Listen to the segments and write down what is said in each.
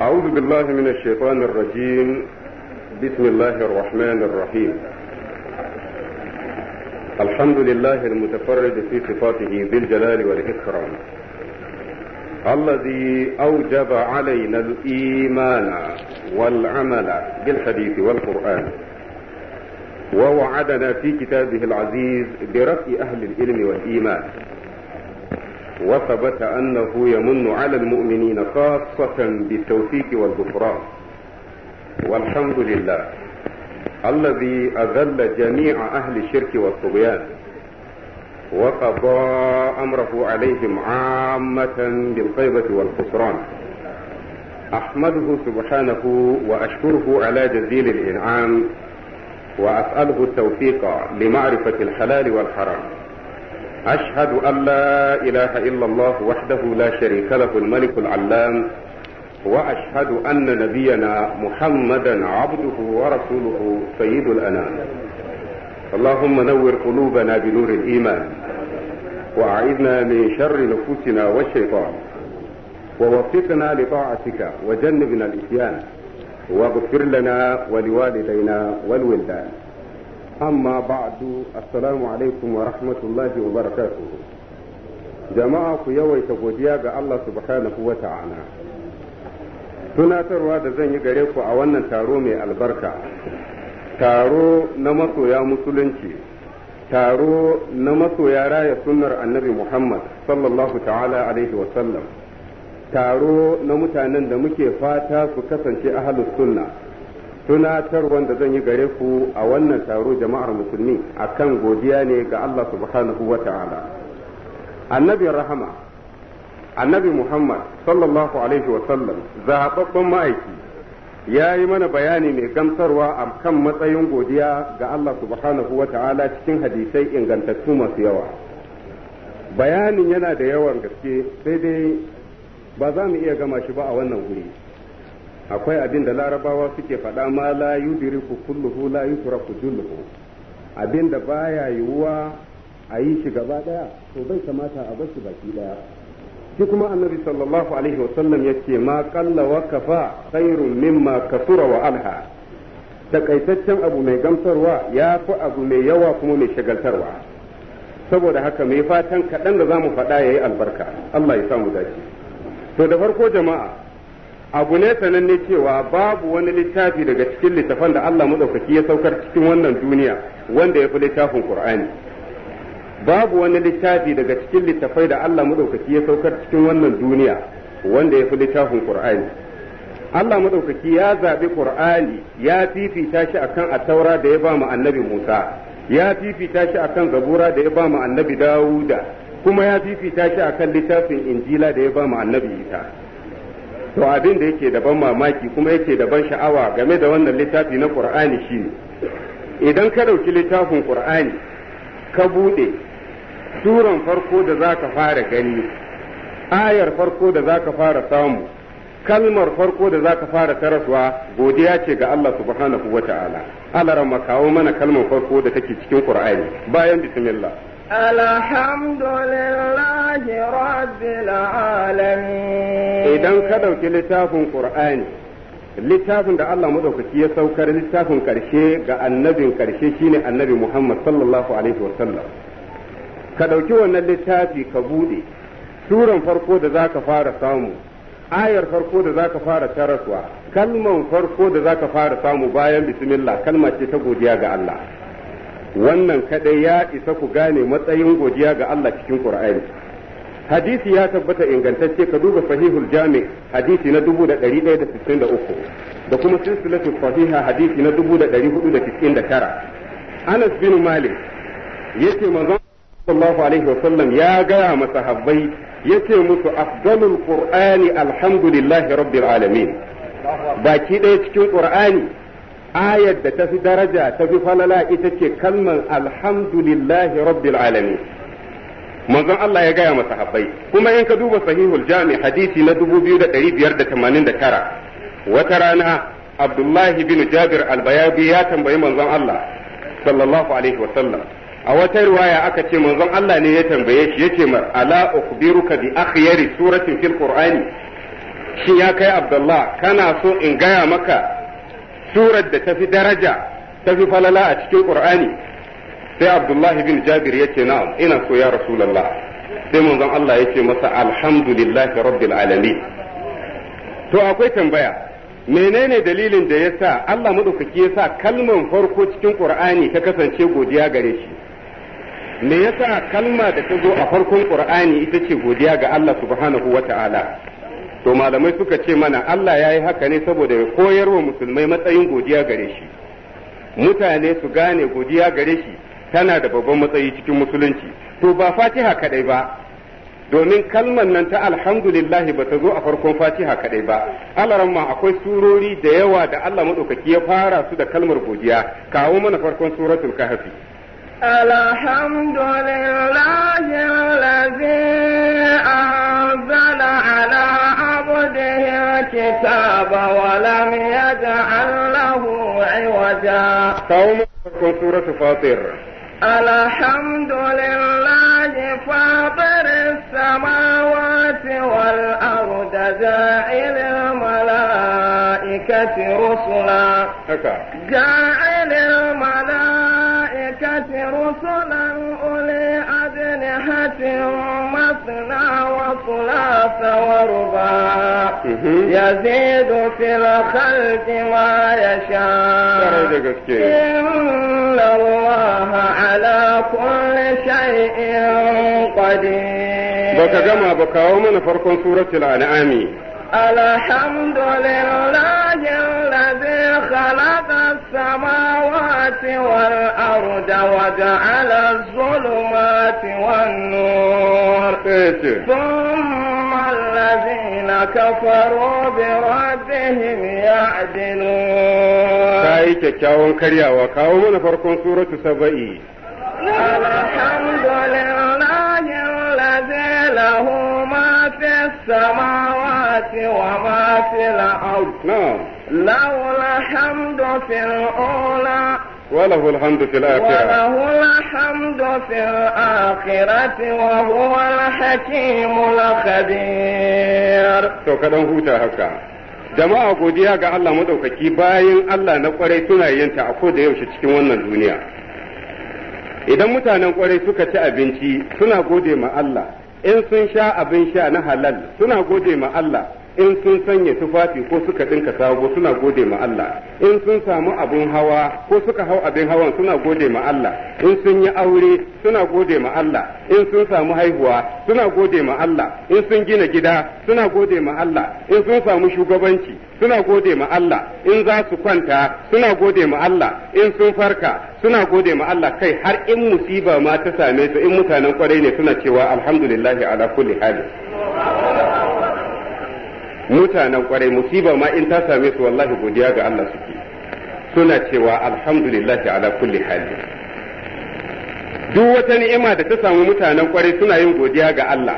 أعوذ بالله من الشيطان الرجيم بسم الله الرحمن الرحيم الحمد لله المتفرد في صفاته بالجلال والإكرام الذي أوجب علينا الإيمان والعمل بالحديث والقرآن ووعدنا في كتابه العزيز برفع أهل العلم والإيمان وثبت أنه يمن على المؤمنين خاصة بالتوفيق والغفران والحمد لله الذي أذل جميع أهل الشرك والطغيان وقضى أمره عليهم عامة بالخيبة والخسران أحمده سبحانه وأشكره على جزيل الإنعام وأسأله التوفيق لمعرفة الحلال والحرام أشهد أن لا إله إلا الله وحده لا شريك له الملك العلام وأشهد أن نبينا محمدا عبده ورسوله سيد الأنام اللهم نور قلوبنا بنور الإيمان وأعذنا من شر نفوسنا والشيطان ووفقنا لطاعتك وجنبنا الإتيان واغفر لنا ولوالدينا والولدان amma ba'du assalamu alaikum wa rahmatullahi wa barakatuhu jama'a ku yawaita godiya ga Allah subhanahu wa tunatarwa da zan yi gare ku a wannan taro mai albarka taro na masoya musulunci taro na masoya raya sunnar annabi Muhammad sallallahu ta'ala alaihi wa taro na mutanen da muke fata su kasance ahlus sunna tunatar wanda zan yi gare ku a wannan taro jama'ar musulmi kan godiya ne ga Allah subhanahu wa ta'ala annabi rahama annabi muhammad sallallahu alaihi wa sallam zaɓaɓɓen ma'aiki ya yi mana bayani mai gamsarwa a kan matsayin godiya ga Allah subhanahu wa ta'ala cikin hadisai ingantattu masu yawa bayanin yana da yawan gaske sai dai ba za mu iya gama shi ba a wannan guri akwai abin da larabawa suke faɗa ma la yudriku kulluhu la yutraku julluhu abin da baya yiwuwa a yi shi gaba daya to bai kamata a bar shi baki daya shi kuma annabi sallallahu alaihi wasallam yace ma qalla wa kafa khairun mimma kathura wa alha takaitaccen abu mai gamsarwa ya fi abu mai yawa kuma mai shagaltarwa saboda haka mai fatan kaɗan da za mu faɗa ya yi albarka Allah ya samu dace to da farko jama'a abu ne sananne cewa babu wani littafi daga cikin littafan da Allah madaukaki ya saukar cikin wannan duniya wanda ya fi littafin Qur'ani babu wani littafi daga cikin littafai da Allah madaukaki ya saukar cikin wannan duniya wanda ya fi littafin Qur'ani Allah madaukaki ya zabi Qur'ani ya fifita shi akan at-taura da ya ba mu annabi Musa ya fifita shi akan zabura da ya ba mu annabi Dawuda kuma ya fifita shi akan littafin Injila da ya ba mu annabi Isa to abin da yake da ban mamaki kuma yake da ban sha'awa game da wannan littafi na qur'ani shine idan ka ɗauki littafin qur'ani ka buɗe suran farko da za ka fara gani ayar farko da za ka fara samu kalmar farko da za ka fara taraswa godiya ce ga Allah subhanahu wa ta'ala Allah kawo mana kalmar farko da take cikin qur'ani bayan bismillah Alhamdulillahi rabbil alamin Idan ka ɗauki littafin Ƙur'ani, littafin da Allah maɗaukaki ya saukar littafin ƙarshe ga annabin ƙarshe shine annabi Muhammad sallallahu Alaihi wasallam. Ka ɗauki wannan littafi ka buɗe, suran farko da za ka fara samu, ayar farko da za ka fara taraswa, kalman farko da za ka fara samu bayan bismillah kalma ce ta godiya ga Allah. wannan kadai ya isa ku gane matsayin godiya ga Allah cikin Qur'ani hadisi ya tabbata ingantacce ka duba sahihul jami hadisi na 1163 da kuma silsilatu sahiha hadisi na 1499 Anas bin Malik yace manzon sallallahu alaihi wasallam ya gaya sahabbai yace musu afdalul qur'ani alhamdulillahi rabbil alamin baki ɗaya cikin qur'ani ayar da ta fi daraja ta fi falala ita ce kalman alhamdulillahi rabbil alami. manzon Allah ya gaya masa habbai kuma in ka duba sahihul jami hadisi na 2589 wata rana Abdullahi bin Jabir al ya tambayi manzon Allah sallallahu alaihi wa sallam a wata riwaya aka ce manzon Allah ne ya tambaye shi yace mar ala ukhbiruka bi akhyari suratin fil qur'ani shi ya kai Abdullah kana so in gaya maka surar da tafi daraja tafi falala a cikin qur'ani sai abdullahi bin jabir ya ce na'am ina so ya rasulullah sai manzon Allah ya ce masa alhamdulillahi rabbil alamin to akwai tambaya menene dalilin da ya sa Allah madaukaki ya sa kalman farko cikin ƙur'ani ta kasance godiya gare shi me yasa kalma da ta zo a farkon ƙur'ani ita ce godiya ga Allah subhanahu wata'ala to malamai suka ce mana Allah ya yi haka ne saboda ya koyar wa musulmai matsayin godiya gare shi mutane su gane godiya gare shi tana da babban matsayi cikin musulunci to ba fatiha kadai ba domin kalmar nan ta alhamdulillah ba ta zo a farkon fatiha kadai ba alaramma akwai surori da yawa da Allah madaukaki ya fara su da kalmar godiya kawo mana farkon suratul kahfi alhamdulillahi allazi anzala ala وجوده الكتاب ولم يجعل له عوجا قوم سورة فاطر الحمد لله فاطر السماوات والأرض جاعل الملائكة رسلا جاعل الملائكة رسلا أولي آلهة مثنى وثلاث ورباع يزيد في الخلق ما يشاء إن الله على كل شيء قدير بك جمع ومن فرق سورة الأنعام الحمد لله الذي خلق السماوات والأرض وجعل الظلمات والنور ثم الذين كفروا بربهم يعدلون كاي كاون كريا وكاون فرقون سورة سبعي الحمد لله الذي له ما في السماوات السماوات وما في الأرض نعم له الحمد في الأولى jama'a godiya ga Allah madaukaki bayan Allah na ƙwarai suna yanta a koda yaushe cikin wannan duniya idan mutanen ƙwarai suka ci abinci suna gode ma Allah in sun sha abin sha na halal suna gode ma Allah in sun sanya tufafi ko suka dinka sabo suna gode ma Allah in sun samu abin hawa ko suka hau abin hawan suna gode ma Allah in sun yi aure suna gode ma Allah in sun samu haihuwa suna gode ma Allah in sun gina gida suna gode ma Allah in sun samu shugabanci suna gode ma Allah in za su kwanta suna gode ma Allah in sun farka suna gode ma Allah kai har in musiba ma ta same su in mutanen kwarai ne suna cewa alhamdulillahi ala kulli hali mutanen kwarai musiba ma in ta same su wallahi godiya ga Allah suke suna cewa alhamdulillah ala kulli hali duk wata ni'ima da ta samu mutanen kwarai suna yin godiya ga Allah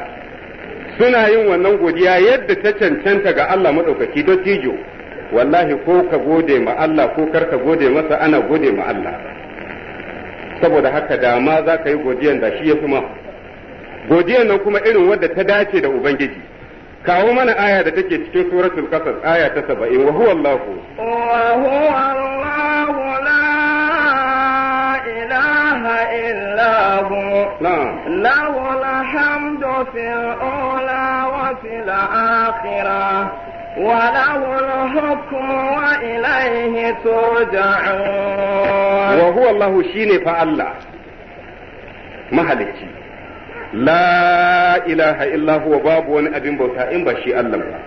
suna yin wannan godiya yadda ta cancanta ga Allah madaukaki don tijo wallahi ko ka gode ma Allah ko kar ka gode masa ana gode ma Allah saboda haka da ma za ka yi godiyan da shi ya kuma godiyan nan kuma irin wadda ta dace da ubangiji kawo mana aya da take cikin suratul qasas aya ta 70 wa huwa allah wa huwa allah la ilaha illa hu la wala hamdu fil ula wa fil akhirah وله الحكم وإليه ترجعون وهو الله شيني فالله مهلكي لا ilaha illa huwa babu wani abin bauta in ba shi Allah ba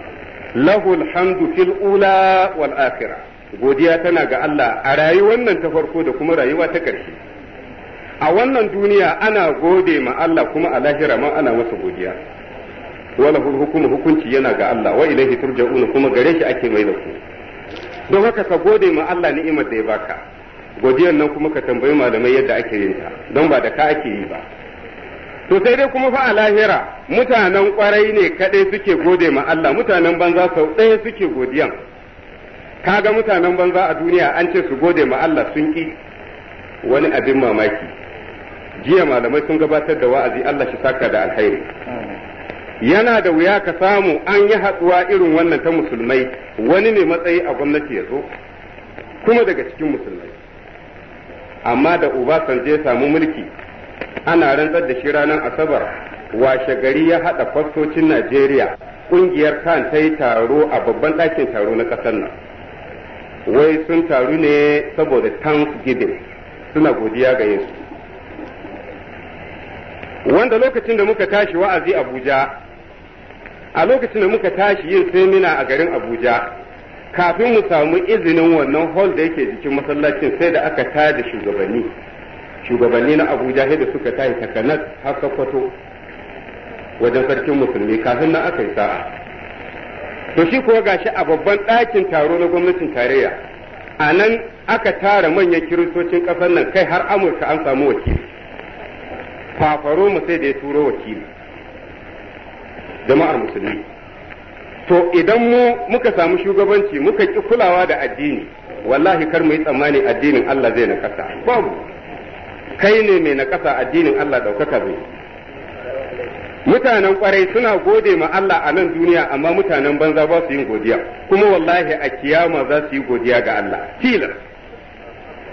lahul hamdu fil ula wal akhirah godiya tana ga Allah a rayuwar wannan ta farko da kuma rayuwa ta ƙarshe a wannan duniya ana gode ma Allah kuma a lahira ma ana masa godiya wala hukumu hukunci yana ga Allah wa ilaihi turja'un kuma gare shi ake mai da ku don haka ka gode ma Allah ni'imar da ya baka godiyar nan kuma ka tambayi malamai yadda ake yin ta don ba da ka ake yi ba to sai dai kuma fa a lahira mutanen kwarai ne kadai suke gode ma Allah mutanen banza sau ɗaya suke godiyan kaga mutanen banza a duniya an ce su gode ma Allah sun ki wani abin mamaki jiya malamai sun gabatar da wa'azi Allah shi saka da alheri yana da wuya ka samu an yi haɗuwa irin wannan ta musulmai wani ne matsayi a gwamnati ya zo kuma daga cikin musulmai amma da uba Obasanjo ya samu mulki ana rantsar da shi ranar asabar washe gari ya haɗa fastocin najeriya ƙungiyar kan ta yi taro a babban ɗakin taro na ƙasar nan wai sun taru ne saboda thanksgiving suna godiya ga yesu wanda lokacin da muka tashi wa'azi abuja a lokacin da muka tashi yin semina a garin abuja kafin mu samu izinin wannan hall da yake jikin masallacin sai da aka tada shugabanni shugabanni na abu jahil da suka tashi takanat har kwato wajen sarkin musulmi kafin na aka yi sa'a to shi kuwa gashi a babban ɗakin taro na gwamnatin tarayya a nan aka tara manyan kiristocin ƙasar nan kai har amurka an samu wakili fafaro mu sai da ya turo wakili jama'ar musulmi to idan mu muka samu shugabanci muka ki kulawa da addini wallahi kar mu yi tsammani addinin Allah zai na kasa babu kai ne mai na ƙasa addinin Allah ɗaukaka zai mutanen kwarai suna gode ma Allah a nan duniya amma mutanen banza ba su yin godiya kuma wallahi a kiyama za su yi godiya ga Allah tilas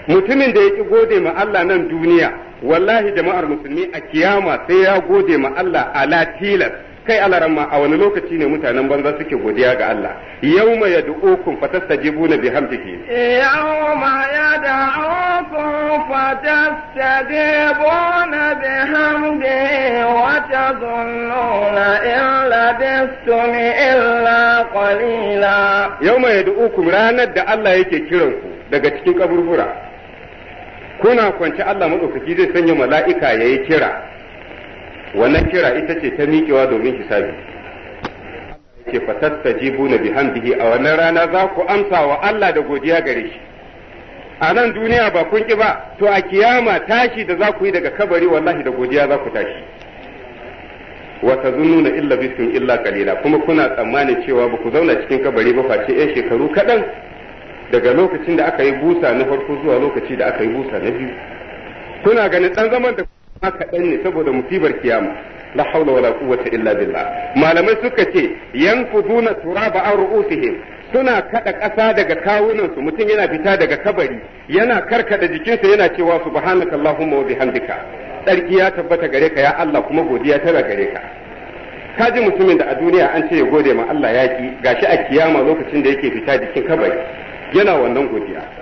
mutumin da ya ƙi gode ma Allah nan duniya wallahi jama'ar musulmi a kiyama sai ya gode ma Allah ala tilas kai alaramma a wani lokaci ne mutanen banza suke godiya ga Allah yawma yad'ukum fatastajibuna bihamdihi yawma yad'ukum fatastajibuna bihamdihi wa tadhunnuna in labistum illa qalila yawma yad'ukum ranar da Allah yake kiran ku daga cikin kaburbura kuna kwance Allah madaukaki zai sanya mala'ika yayi kira wannan kira ita ce ta miƙewa domin hisabi ke jibu na bihamdihi a wannan rana za ku amsa wa Allah da godiya gare shi a nan duniya ba kun ki ba to a kiyama tashi da za ku yi daga kabari wallahi da godiya za ku tashi wa tazunnuna illa bisun illa kalila kuma kuna tsammanin cewa ba ku zauna cikin kabari ba face yan shekaru kaɗan daga lokacin da aka yi busa na farko zuwa lokaci da aka yi busa na biyu kuna ganin ɗan zaman da haka kaɗan ne saboda musibar kiyama la haula wala quwwata illa billah malamai suka ce yankuduna turaba an ru'usihim suna kada ƙasa daga kawunan su mutum yana fita daga kabari yana karkada jikinsa yana cewa subhanaka allahumma wa bihamdika ɗarki ya tabbata gare ka ya Allah kuma godiya tana gare ka ka ji mutumin da a duniya an ce ya gode ma Allah ya ki gashi a kiyama lokacin da yake fita jikin kabari yana wannan godiya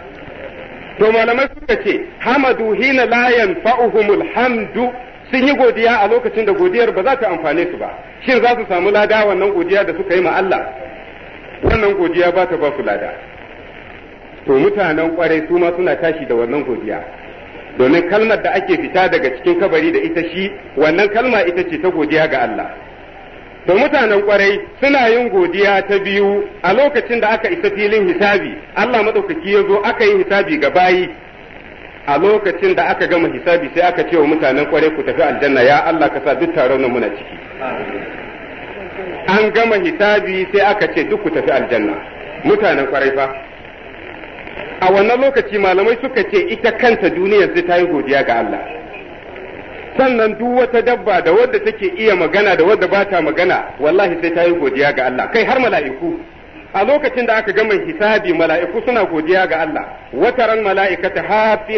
to malamai suka ce hamadu hina la yanfa'uhumul hamdu sun yi godiya a lokacin da godiyar ba za ta amfane su ba shin za su samu lada wannan godiya da suka yi ma Allah wannan godiya ba ta ba su lada to mutanen kwarai su ma suna tashi da wannan godiya domin kalmar da ake fita daga cikin kabari da ita shi wannan kalma ita ce ta godiya ga Allah to mutanen kwarai suna yin godiya ta biyu a lokacin da aka isa filin hisabi Allah madaukaki ya zo aka yi hisabi ga bayi a lokacin da aka gama hisabi sai aka ce wa mutanen kwarai ku tafi aljanna ya Allah ka sa duk taron nan muna ciki an gama hisabi sai aka ce duk ku tafi aljanna mutanen kwarai fa a wannan lokaci malamai suka ce ita kanta duniyar zai ta yi godiya ga Allah sannan duk wata dabba da wadda take iya magana da wadda ba ta magana wallahi sai ta yi godiya ga Allah kai har mala'iku a lokacin da aka gama hisabi mala'iku suna godiya ga Allah wata ran mala'ikata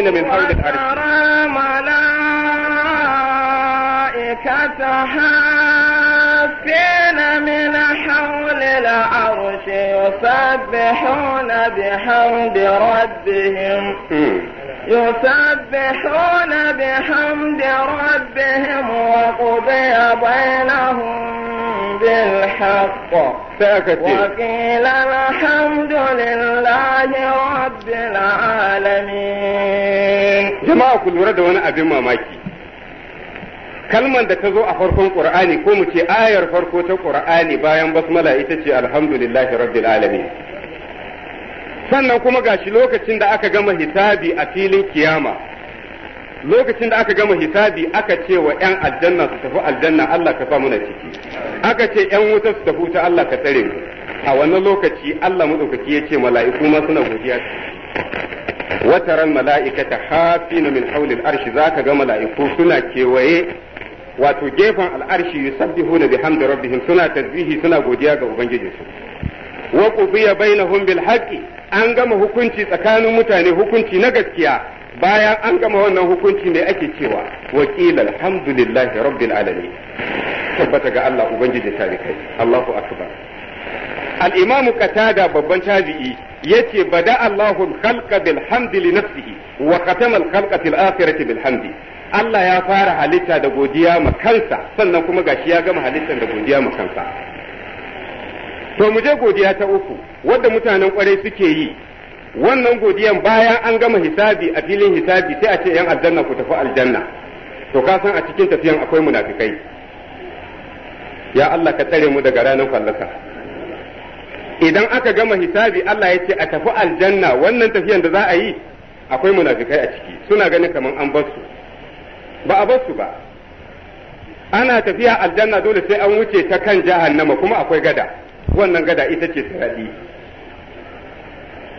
na min hawlil arsh الملائكة حافين من حول العرش يسبحون بحمد ربهم يسبحون بحمد ربهم وقضي بينهم بالحق وقيل الحمد لله رب العالمين جماعة كل ورد وانا ابي ماماكي kalmar da ta zo a farkon qur'ani ko mu ce ayar farko ta qur'ani bayan basmala ita ce alhamdulillahi rabbil alamin sannan kuma gashi lokacin da aka gama hisabi a filin kiyama lokacin da aka gama hisabi aka ce wa 'yan aljanna su tafi aljanna Allah ka sa muna ciki aka ce 'yan wuta su tafi wuta Allah ka tsare mu a wannan lokaci Allah madaukaki ya ce mala'iku ma suna godiya taral mala'ikata hafina min haulil arshi zaka ga mala'iku suna kewaye wato gefen al'arshi yusabbihuna bihamdi rabbihim suna tasbihi suna godiya ga ubangijinsu wa qudiya bainahum bil haqqi an gama hukunci tsakanin mutane hukunci na gaskiya bayan an gama wannan hukunci ne ake cewa wa qila alhamdulillahi rabbil alamin tabbata ga Allah ubangiji talikai Allahu akbar al imam qatada babban tabi'i yace bada Allahu al khalqa bil hamdi li nafsihi wa khatama al khalqa fil akhirati bil Allah ya fara halitta da godiya ma kansa sannan kuma gashi ya gama halittar da godiya ma kansa to mu je godiya ta uku wadda mutanen kwarai suke yi wannan godiyan bayan an gama hisabi a filin hisabi sai a ce yan aljanna ku tafi aljanna to ka san a cikin tafiyan akwai munafikai ya Allah ka tsare mu daga ranar fallaka idan aka gama hisabi Allah ya ce a tafi aljanna wannan tafiyan da za a yi akwai munafikai a ciki suna ganin kaman an bar su ba a basu ba ana tafiya aljanna dole sai an wuce ta kan jahannama kuma akwai gada wannan gada ita ce siradi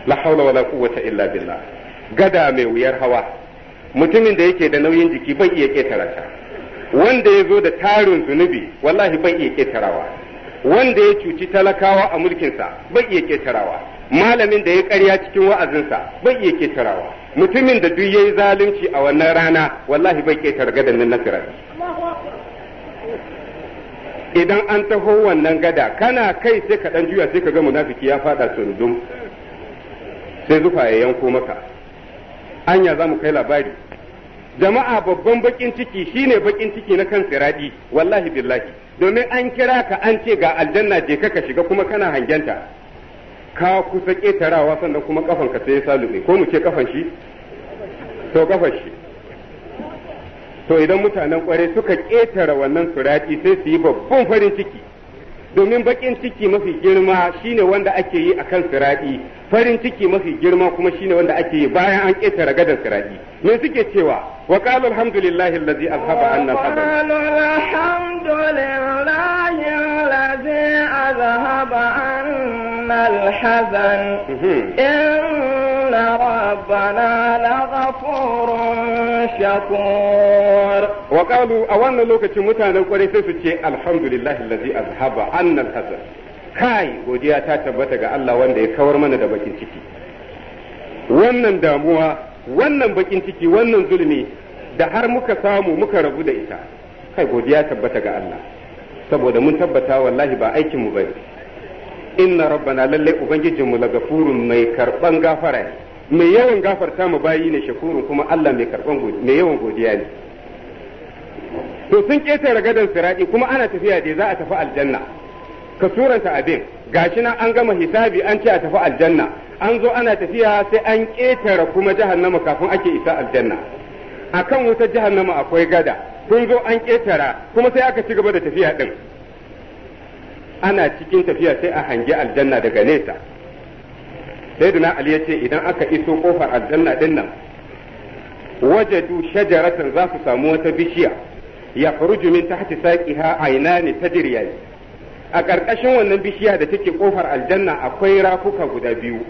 la haula wala quwwata illa billah gada mai wuyar hawa mutumin da yake da nauyin jiki bai iya ketara ta wanda ya zo da tarin zunubi wallahi bai iya ketarawa wanda ya cuci talakawa a mulkinsa bai iya ketarawa malamin da ya karya cikin wa'azinsa bai iya ketarawa mutumin da duk yayi zalunci a wannan rana wallahi bai ƙetare gadan na sirat idan an taho wannan gada kana kai sai ka dan juya sai ka ga munafiki ya fada tsundum sai zufa ya yanko maka anya za mu kai labari jama'a babban bakin ciki shine bakin ciki na kan siradi wallahi billahi domin an kira ka an ce ga aljanna je ka shiga kuma kana hangenta ka kusa ƙetarawa sannan kuma kafan ka sai ya salube ko mu ce kafan shi to kafan shi to idan mutanen kware suka ƙetara wannan surati sai su yi babban farin ciki domin bakin ciki mafi girma shine wanda ake yi a kan siraɗi farin ciki mafi girma kuma shine wanda ake yi bayan an ƙetare gadar siraɗi me suke cewa wa qala alhamdulillahi allazi azhaba anna sabra wa alhamdulillahi allazi azhaba anna alhazan mhm. inna rabbana laghafurun shakur wa a wannan lokacin mutanen ƙwarai sai su ce alhamdulillah allazi alhaba. annal hasan kai godiya ta tabbata ga Allah wanda ya kawar mana da bakin ciki wannan damuwa wannan bakin ciki wannan zulmi da har muka samu muka rabu da ita kai godiya tabbata ga Allah saboda mun tabbata wallahi ba aikin mu bane inna rabbana lalle ubangijin mu lagafurun mai karban gafara mai yawan gafarta mu bayi ne shakurun kuma Allah mai karban mai yawan godiya ne to sun ƙetare gadon sirati kuma ana tafiya dai za a tafi aljanna ka suranta abin gashi nan an gama hisabi an ce a tafi aljanna an zo ana tafiya sai an ƙetare kuma jahannama kafin ake isa aljanna akan wutar jahannama akwai gada kun zo an ƙetare kuma sai aka ci gaba da tafiya din ana cikin tafiya sai a hangi aljanna daga nesa sai sayyidina ali ya ce idan aka iso kofar aljanna din nan wajadu shajaratan za su samu wata bishiya ya faruju min tahti ne ta tajriyani a ƙarƙashin wannan bishiya da take ƙofar aljanna akwai rafuka guda biyu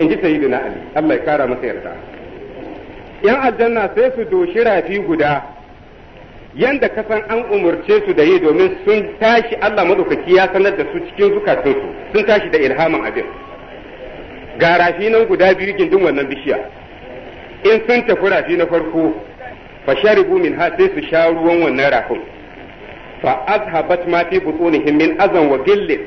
in ji sayi na ali Allah ya kara masa yarda yan aljanna sai su doshi rafi guda yanda kasan an umarce su da yi domin sun tashi Allah madaukaki ya sanar da su cikin zukatunsu sun tashi da ilhamin abin ga rafi nan guda biyu gindin wannan bishiya in sun tafi rafi na farko fa min ha sai su sha ruwan wannan rafin fa azhabat ma fi butunihim min azan wa gillin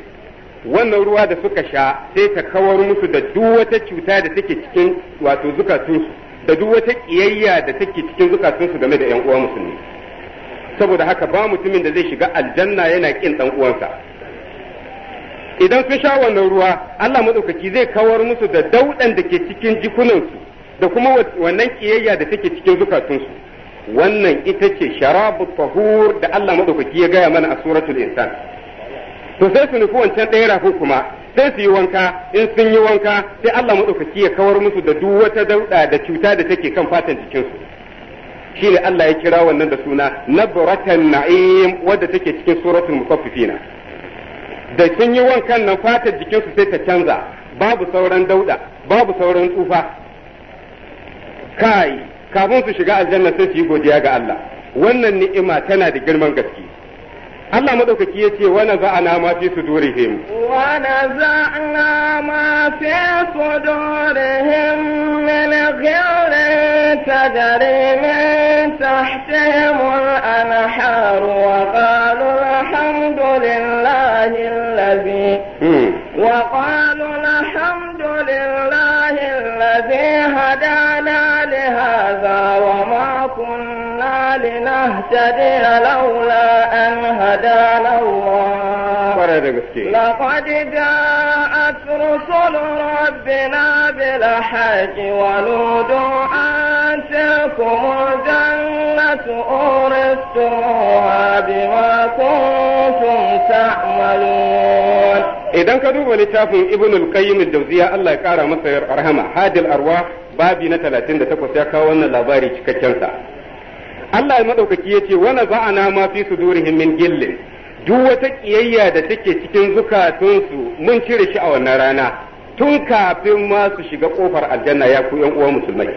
wannan ruwa da suka sha sai ta kawar musu da duk wata cuta da take cikin wato zukatunsu da duk wata kiyayya da take cikin zukatunsu game da yan uwa musulmi saboda haka ba mutumin da zai shiga aljanna yana kin dan uwansa idan sun sha wannan ruwa Allah madaukaki zai kawar musu da daudan da ke cikin jikunansu da kuma wannan kiyayya da take cikin zukatunsu wannan ita ce sharabu tahur da Allah madaukaki ya gaya mana a suratul insan to sai su nufi wancan ɗaya rafu kuma sai su yi wanka in sun yi wanka sai Allah madaukaki ya kawar musu da duk wata dauda da cuta da take kan fatan jikinsu shine Allah ya kira wannan da suna nabratan na'im wadda take cikin suratul mutaffifina da sun yi wankan nan jikin jikinsu sai ta canza babu sauran dauda babu sauran tsufa kai kafin su shiga aljanna sai su yi godiya ga Allah wannan ni'ima tana da girman gaske Allah madaukaki ya ce wani za'ana ma fi su dore him. Wani za'ana ma fi su dore him mini ta gare min tahtemul anhar wa qalu alhamdulillahi hmm. wa alhamdulillahi لله الذي هدانا لهذا وما كنا لنهتدي لولا أن هدانا الله لقد جاءت رسل ربنا بالحج ونودوا أن تلكم الجنة أورثتموها بما كنتم تعملون idan ka duba littafin ibn al-qayyim al-jawziya Allah ya kara masa rahama hadil arwah babi na 38 ya kawo wannan labari cikakken sa Allah ya madaukaki yace wa naza'ana ma fi sudurihim min gillin duk wata kiyayya da take cikin su mun cire shi a wannan rana tun kafin ma su shiga kofar aljanna ya ku yan uwa musulmai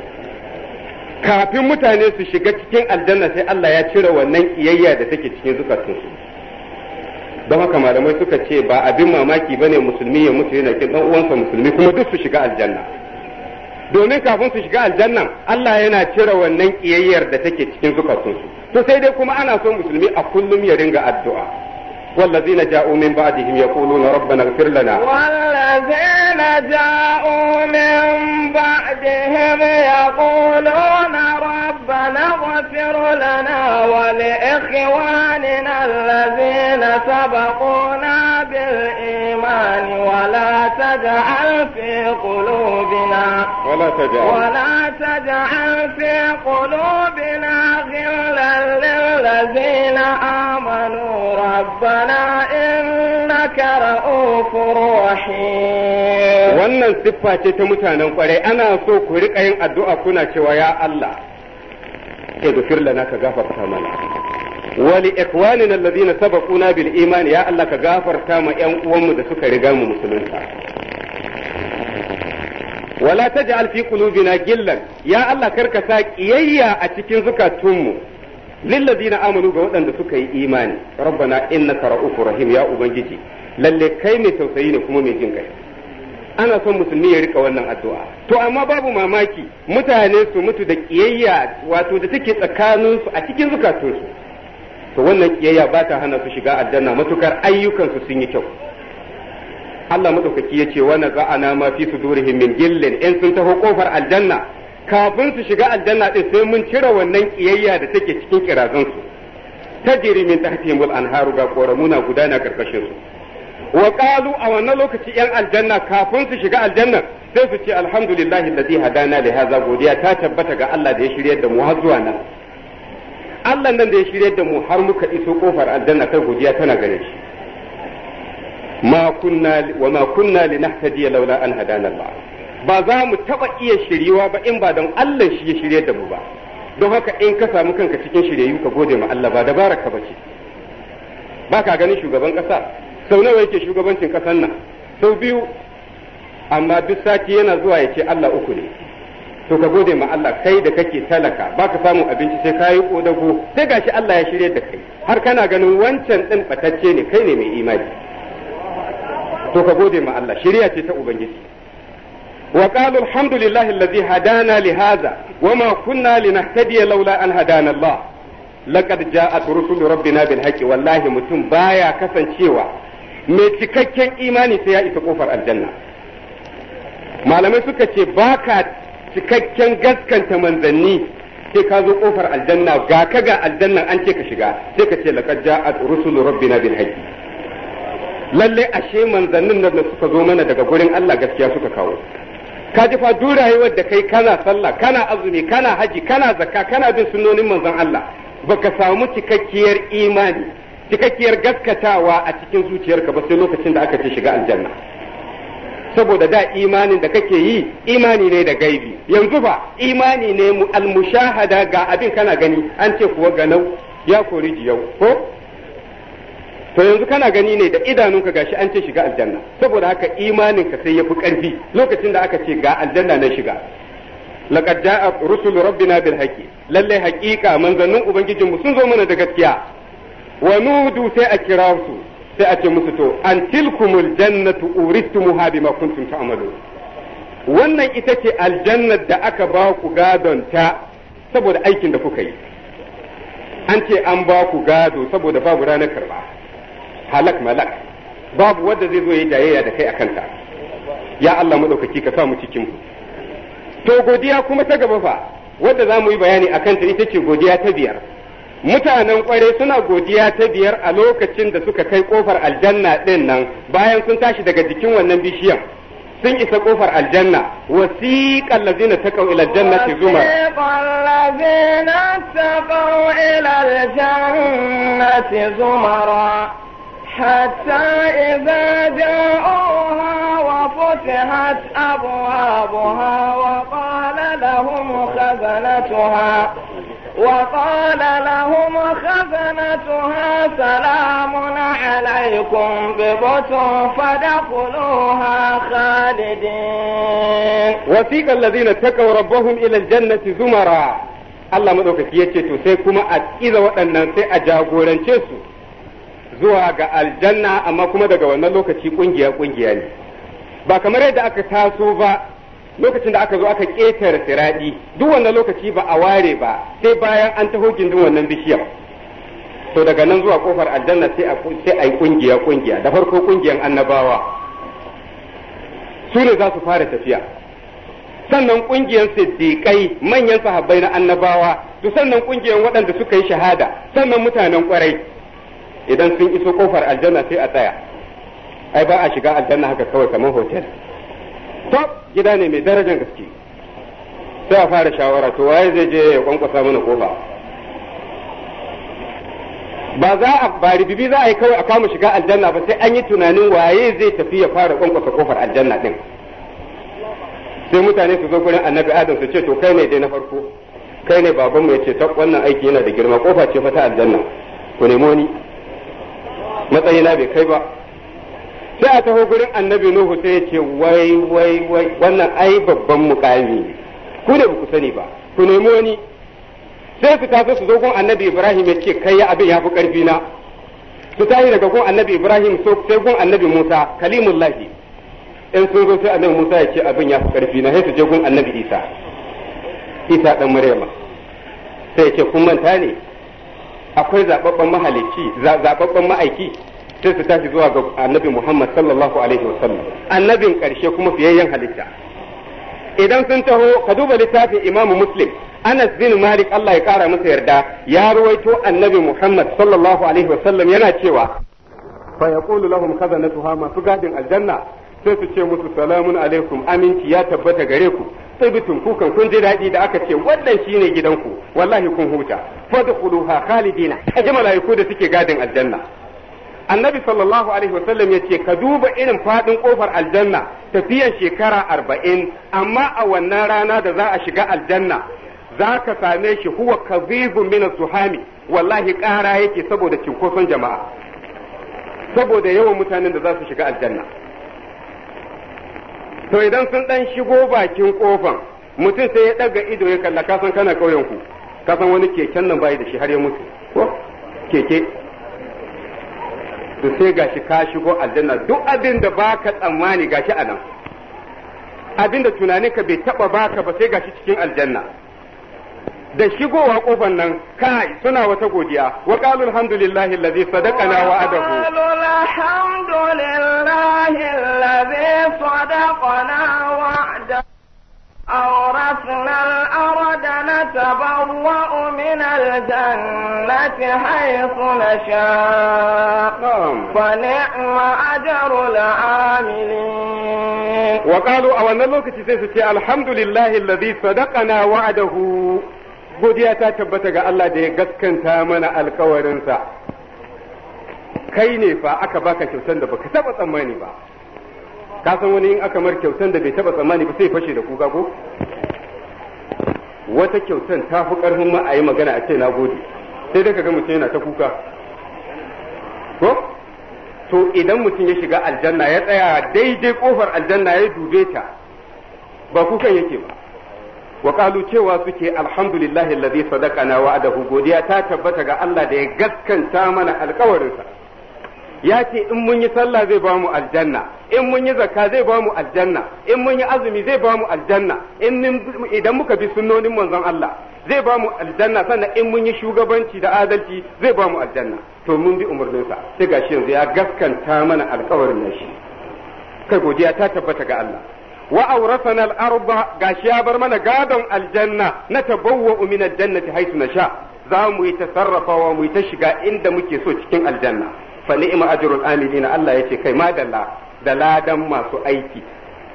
kafin mutane su shiga cikin aljanna sai Allah ya cire wannan kiyayya da take cikin su. don haka malamai suka ce ba abin mamaki ba ne musulmi ya mutu yana kin uwansa musulmi kuma duk su shiga aljanna domin kafin su shiga aljannan Allah yana cire wannan kiyayyar da take cikin zukatunsu to sai dai kuma ana son musulmi a kullum ya ringa addu'a والذين جاءوا من بعدهم يقولون ربنا اغفر لنا والذين جاءوا من بعدهم يقولون ربنا اغفر لنا ولإخواننا الذين سبقونا بالإيمان ولا تجعل في قلوبنا ولا تجعل ولا تجعل في قلوبنا غلا للذين آمنوا ربنا ربنا إنك رؤوف رحيم wannan siffa ce ta mutanen kwarai ana so ku riƙa yin addu'a kuna cewa ya Allah اغفر لنا كغفرت منا ولإخواننا الذين سبقونا بالإيمان يا الله كغفرت ما ƴan uwanmu da suka riga mu musulunta wala taj'al fi qulubina gillan ya Allah karka sa kiyayya a cikin zukatunmu na amanu ga waɗanda suka yi imani rabbana innaka ra'ufur rahim ya ubangiji lalle kai mai tausayi ne kuma mai jin kai ana son musulmi ya rika wannan addu'a to amma babu mamaki mutane su mutu da kiyayya wato da take tsakanin su a cikin zukatunsu to wannan kiyayya ba ta hana su shiga aljanna matukar ayyukan su sun yi kyau Allah madaukaki ya ce wa naza'ana ma fi sudurihim min gillin in sun taho kofar aljanna kafin su shiga aljanna din sai mun cire wannan kiyayya da take cikin kirazun su tajri min tahtihim anharu ga koramuna gudana karkashin su wa qalu a wannan lokaci yan aljanna kafin su shiga aljanna sai su ce alhamdulillahi alladhi hadana li hadha godiya ta tabbata ga Allah da ya shiryar da mu har zuwa nan Allah nan da ya shiryar da mu har muka iso kofar aljanna kai godiya tana gare shi ma kunna wa ma kunna linahtadiya laula an hadana Allah ba za mu taɓa iya shiriwa ba in ba don Allah shi ya shirye da mu ba don haka in ka samu kanka cikin shiryayu ka gode ma Allah ba dabarar ka bace ba ka ganin shugaban kasa sau nawa yake shugabancin ƙasar nan sau biyu amma duk sati yana zuwa ya ce Allah uku ne to ka gode ma Allah kai da kake talaka ba ka samu abinci sai kayi kodago sai gashi Allah ya shirye da kai har kana ganin wancan din batacce ne kai ne mai imani to ka gode ma Allah shirya ce ta ubangiji وقالوا الحمد لله الذي lihaza لهذا وما كنا لنهتدي لولا أن هدانا الله لقد جاءت رسل ربنا بالحق والله متم بايا كسن شيوا mai cikakken imani sai ya isa kofar aljanna malamai suka ce ba ka cikakken gaskanta manzanni sai ka zo kofar aljanna ga ka ga aljannan an ce ka shiga sai ka ce laqad ja'at rusulu rabbina bil haqqi lalle ashe manzannin nan da suka zo mana daga gurin Allah gaskiya suka kawo ka ji fa dura rayuwar da kai kana sallah kana azumi kana haji kana zakka kana bin sunnonin manzon Allah baka samu cikakkiyar imani cikakkiyar gaskatawa a cikin zuciyarka ba sai lokacin da aka ce shiga aljanna saboda da imanin da kake yi imani ne da gaibi yanzu ba imani ne al mushahada ga abin kana gani an ce kuwa ganau ya kori yau ko to yanzu kana gani ne da idanunka gashi an ce shiga aljanna saboda haka imaninka sai yafi fi lokacin da aka ce ga aljanna na shiga laqad ja'a rusul rabbina bil haqqi lalle haqiqa manzannin ubangijinmu sun zo mana da gaskiya wa nudu sai a kira su sai a ce musu to an tilkumul jannatu uritumuha bima kuntum ta'malun wannan ita ce aljannar da aka ba ku gadon ta saboda aikin da kuka yi an ce an ba ku gado saboda babu ranar karba halak malak babu wanda zai zo ya jayayya da kai a kanta ya Allah madaukaki ka sa mu cikin ku to godiya kuma ta gaba fa wanda za mu yi bayani a kanta ita ce godiya ta biyar mutanen kwarai suna godiya ta biyar a lokacin da suka kai kofar aljanna din nan bayan sun tashi daga jikin wannan bishiyan sun isa kofar aljanna wasiqa allazina taqaw ila aljannati zumar allazina taqaw ila aljannati zumara حتى إذا جاءوها وفتحت أبوابها وقال لهم خزنتها وقال لهم خزنتها سلام عليكم ببطن فدخلوها خالدين وسيق الذين اتقوا ربهم إلى الجنة زمرا الله مدوك ya ce to sai kuma a iza zuwa ga aljanna amma kuma daga wannan lokaci kungiya kungiya ne ba kamar yadda aka taso ba lokacin da aka zo aka ƙetare siradi duk wannan lokaci ba a ware ba sai bayan an taho gindin wannan bishiyar to daga nan zuwa kofar aljanna sai a sai ai kungiya kungiya da farko kungiyan annabawa su ne za su fara tafiya sannan kungiyan siddiƙai manyan sahabbai na annabawa to sannan kungiyan waɗanda suka yi shahada sannan mutanen ƙwarai idan sun iso kofar aljanna sai a tsaya ai ba a shiga aljanna haka kawai kamar hotel to gida ne mai darajar gaske sai a fara shawara to waye zai je ya kwankwasa mana kofa ba za a ba ribibi za a yi kawai a kama shiga aljanna ba sai an yi tunanin waye zai tafi ya fara kwankwasa kofar aljanna din sai mutane su zo gurin annabi adam su ce to kai ne dai na farko kai ne babanmu ya ce ta wannan aiki yana da girma kofa ce fa ta aljanna ku nemo ni matsayina bai kai ba sai a taho gurin annabi nuhu sai ya ce wai wai wai wannan ai babban mukami ne ku da ku sani ba ku nemi wani sai su taso su zo gun annabi ibrahim ya ce kai abin ya fi karfi na su tashi daga gun annabi ibrahim sai gun annabi musa Kalimun lahi in sun zo sai annabi musa ya ce abin ya fi karfi na sai su je gun annabi isa isa dan maryama sai ya ce kun manta ne akwai zababban mahalicci zababban ma'aiki sai su tashi zuwa ga annabi Muhammad sallallahu alaihi wa sallam annabin karshe kuma fiyayyen halitta idan sun taho ka duba littafin Imam Muslim Anas bin Malik Allah ya kara masa yarda ya ruwaito annabi Muhammad sallallahu alaihi wa sallam yana cewa fa yaqulu lahum khazanatuha masu gadin aljanna sai su ce musu salamun alaikum aminci ya tabbata gare ku tibtum kukan kun ji daɗi da aka ce wannan shine gidanku wallahi kun huta fadkhuluha khalidina aje malaiku da suke gadin aljanna annabi sallallahu alaihi wasallam ce ka duba irin fadin kofar aljanna tafiyan shekara arba'in amma a wannan rana da za a shiga aljanna za ka same shi huwa kazizun min suhami wallahi ƙara yake saboda cinkoson jama'a saboda yawan mutanen da za su shiga aljanna to idan sun dan shigo bakin kofan mutum sai ya daga ido ya kalla ka san kana kauyen ku ka san wani keken nan bai da shi har ya mutu ko keke to sai gashi ka shigo aljanna duk abin da baka tsammani gashi a nan abin da tunaninka bai taba baka ba sai gashi cikin aljanna da shigowa kofar nan kai suna wata godiya wa qalu alhamdulillahi allazi sadaqana wa adahu qalu alhamdulillahi allazi sadaqana wa adahu awrasna أورثنا الأرض نتبوأ من الجنة حيث نشاء فنعم أجر العاملين وقالوا أولا لوكتي سيسوتي الحمد لله الذي صدقنا وعده godiya ta tabbata ga Allah da ya gaskanta mana alkawarinsa kai ne fa aka baka kyautan da baka taba tsammani ba ka san wani in aka mar kyautan da bai taba tsammani ba sai fashe da kuka ko wata kyautan ta fi karfin ma a yi magana a ce na gode sai dai ga mutum yana ta kuka ko to idan mutum ya shiga aljanna ya tsaya daidai kofar aljanna ya dube ta ba kukan yake ba wa cewa suke alhamdulillahi alladhi sadaqana wa'adahu godiya ta tabbata ga Allah da ya gaskanta mana alƙawarin ya ce in mun yi sallah zai ba mu aljanna in mun yi zakka zai ba aljanna in mun yi azumi zai ba mu aljanna idan muka bi sunnonin manzon Allah zai ba aljanna sannan in mun yi shugabanci da adalci zai bamu mu aljanna to mun bi sa sai gashi yanzu ya gaskanta mana alƙawarin nashi kai godiya ta tabbata ga Allah wa awrasana al-arda gashi ya bar mana gadon aljanna na tabawwa min al-jannati haythu nasha za mu yi tasarrafawa mu yi ta shiga inda muke so cikin aljanna fa ni'ma ajrul amilin Allah yace kai madalla da ladan masu aiki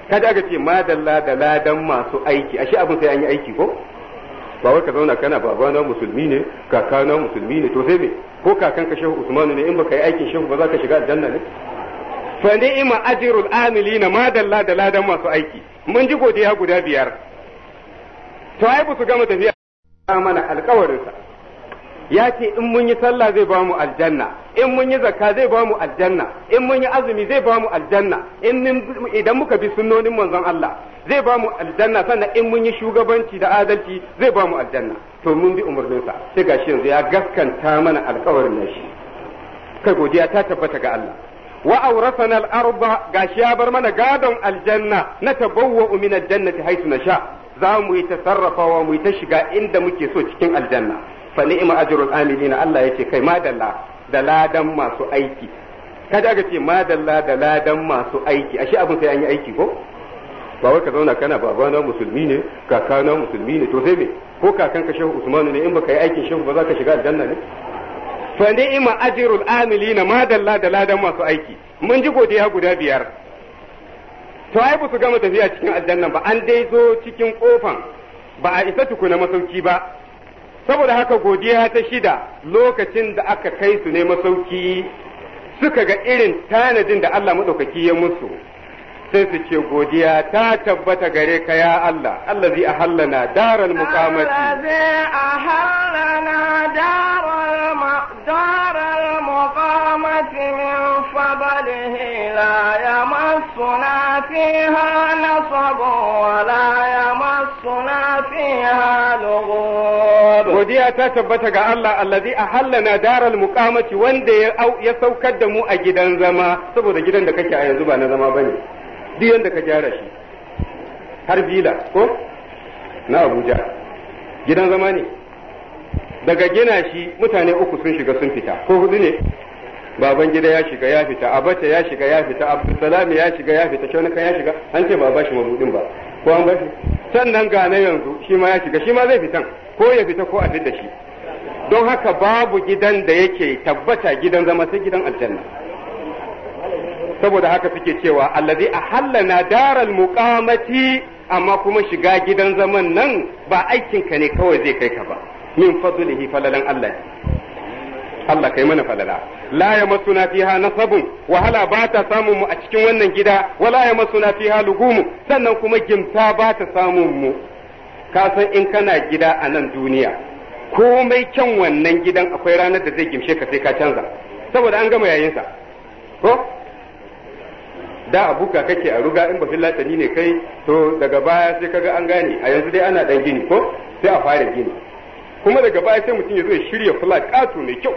kada aka ce madalla da ladan masu aiki ashe abin sai an yi aiki ko ba wai ka zauna kana babana musulmi ne kakana musulmi ne to sai me ko kakan ka shehu usmanu ne in baka yi aikin shehu ba za ka shiga aljanna ne fa ni'ma ajrul amilina ma dalla da ladan masu aiki mun ji godiya guda biyar to ai ba su gama tafiya mana ya ce in mun yi sallah zai ba mu aljanna in mun yi zakka zai ba mu aljanna in mun yi azumi zai ba mu aljanna idan muka bi sunnonin manzon Allah zai ba mu aljanna sannan in mun yi shugabanci da adalci zai ba mu aljanna to mun bi umarninsa sai gashi yanzu ya gaskanta mana alƙawarin nashi kai godiya ta tabbata ga Allah wa awrasana al-arda ya bar mana gadon aljanna na tabawwa ta aljannati na sha za mu yi ta sarrafawa mu yi ta shiga inda muke so cikin aljanna fa ni'ma ajrul amilina Allah yace kai madalla da ladan masu aiki kada aka ce madalla da ladan masu aiki ashe abin sai an yi aiki ko ba wai ka zauna kana babana musulmi ne kakana musulmi ne to sai me ko kakan ka shehu usmanu ne in baka yi aikin shehu ba za ka shiga aljanna ne fa ni'ma ajrul amilina dalla da ladan masu aiki mun ji godiya guda biyar to ai ba su gama tafiya cikin aljanna ba an dai zo cikin kofan ba a isa tukuna masauki ba saboda haka godiya ta shida lokacin da aka kai su ne masauki suka ga irin tanadin da Allah madaukaki ya musu sai su ce godiya ta tabbata gare ka ya Allah zai ahallana daral muqamati zai ahallana daral دار المقامة من فضله لا يمسنا فيها نصب ولا يمسنا فيها لغوب godiya ta tabbata ga Allah a ahallana darar muqamati wanda ya saukar da mu a gidan zama saboda gidan da kake a yanzu ba na zama bane duk yanda ka gyara shi har bila ko na Abuja gidan zama ne daga gina shi mutane uku sun shiga sun fita ko hudu ne baban gida ya shiga ya fita abata ya shiga ya fita abdulsalam ya shiga ya fita shaunuka ya shiga an ce ba ba shi mabudin ba ko an ba shi sannan ga na yanzu shi ma ya shiga shi ma zai fitan ko ya fita ko a fita shi don haka babu gidan da yake tabbata gidan zama sai gidan aljanna saboda haka suke cewa allazi ahallana daral muqamati amma kuma shiga gidan zaman nan ba aikinka ne kawai zai kai ka ba min fadlihi falalan Allah Allah kai mana falala la ya masuna fiha nasabun wahala ba ta samun mu a cikin wannan gida wala ya masuna fiha lugumu sannan kuma gimta ba ta samun mu ka san in kana gida a nan duniya komai kyan wannan gidan akwai ranar da zai gimshe ka sai ka canza saboda an gama yayin sa ko da abuka kake a ruga in ba bafin latani ne kai to daga baya sai kaga an gane a yanzu dai ana dan gini ko sai a fara gini kuma daga baya sai mutum ya zo ya shirya fula ƙato mai kyau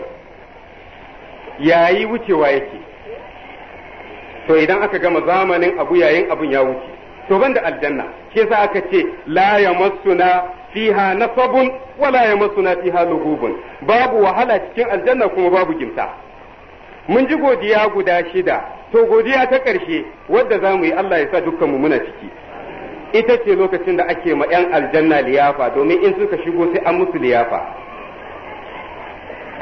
yayi wucewa yake to idan aka gama zamanin abu yayin abun ya wuce to banda da aljanna shi yasa aka ce la yamassuna fiha nasabun wa la yamassuna fiha lugubun babu wahala cikin aljanna kuma babu gimta mun ji godiya guda shida to godiya ta ƙarshe wadda za mu yi Allah ya sa dukkan mu muna ciki ita ce lokacin da ake ma 'yan aljanna liyafa domin in suka shigo sai an musu liyafa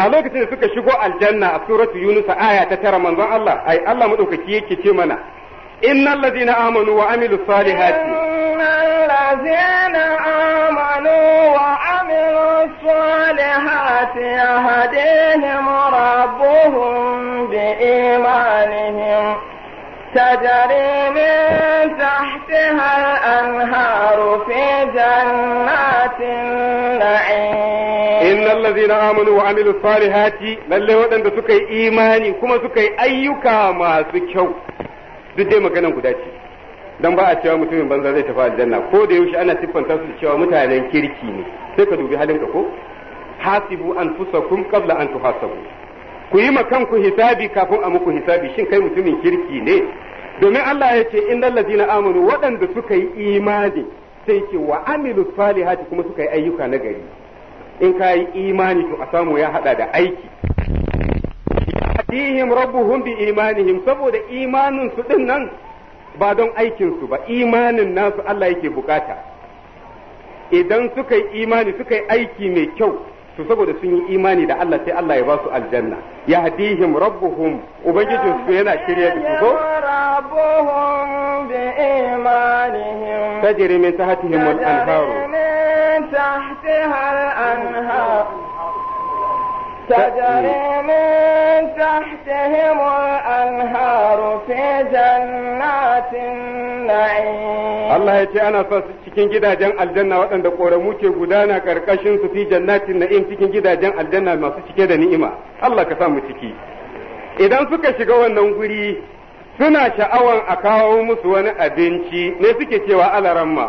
a lokacin da suka shigo aljanna a suratu yunus aya ta tara manzon Allah ai Allah madaukaki yake ce mana innal ladina amanu wa amilu salihati innal ladina amanu wa amilu salihati yahdihim rabbuhum bi imanihim تجري من تحتها الأنهار في جنات النعيم إن الذين آمنوا وعملوا الصالحات للي ودن سكي إيماني كما سكي أيكا ما سكيو duk dai maganan guda dan ba a cewa mutumin banza zai tafi aljanna ko da yaushe ana siffanta su cewa mutanen kirki ne sai ka dubi ka ko hasibu anfusakum qabla an tuhasabu ku yi kanku hisabi kafin a muku hisabi shin kai mutumin kirki ne domin Allah ya ce innal ladina amanu waɗanda suka yi imani sai ce wa amilu salihati kuma suka yi ayyuka na gari in ka yi imani to a samu ya hada da aiki yatihim rabbuhum bi imanihim saboda imanin su din nan ba don aikin su ba imanin nasu Allah yake bukata idan suka yi imani suka yi aiki mai kyau su saboda sun yi imani da Allah sai Allah ya ba su aljanna ya hadihim rabbuhum ubangijin su yana shirya da su ko rabbuhum bi imanihim tajri min tahtihim al-anhar min tahtiha al-anhar تجري من تحتهم الأنهار في جنات النعيم الله يتي أنا cikin gidajen aljanna waɗanda ƙoramu ke gudana ƙarƙashin su fi jannatin na'im cikin gidajen aljanna masu cike da ni'ima Allah ka samu ciki idan suka shiga wannan guri suna sha'awan a kawo musu wani abinci ne suke cewa alaramma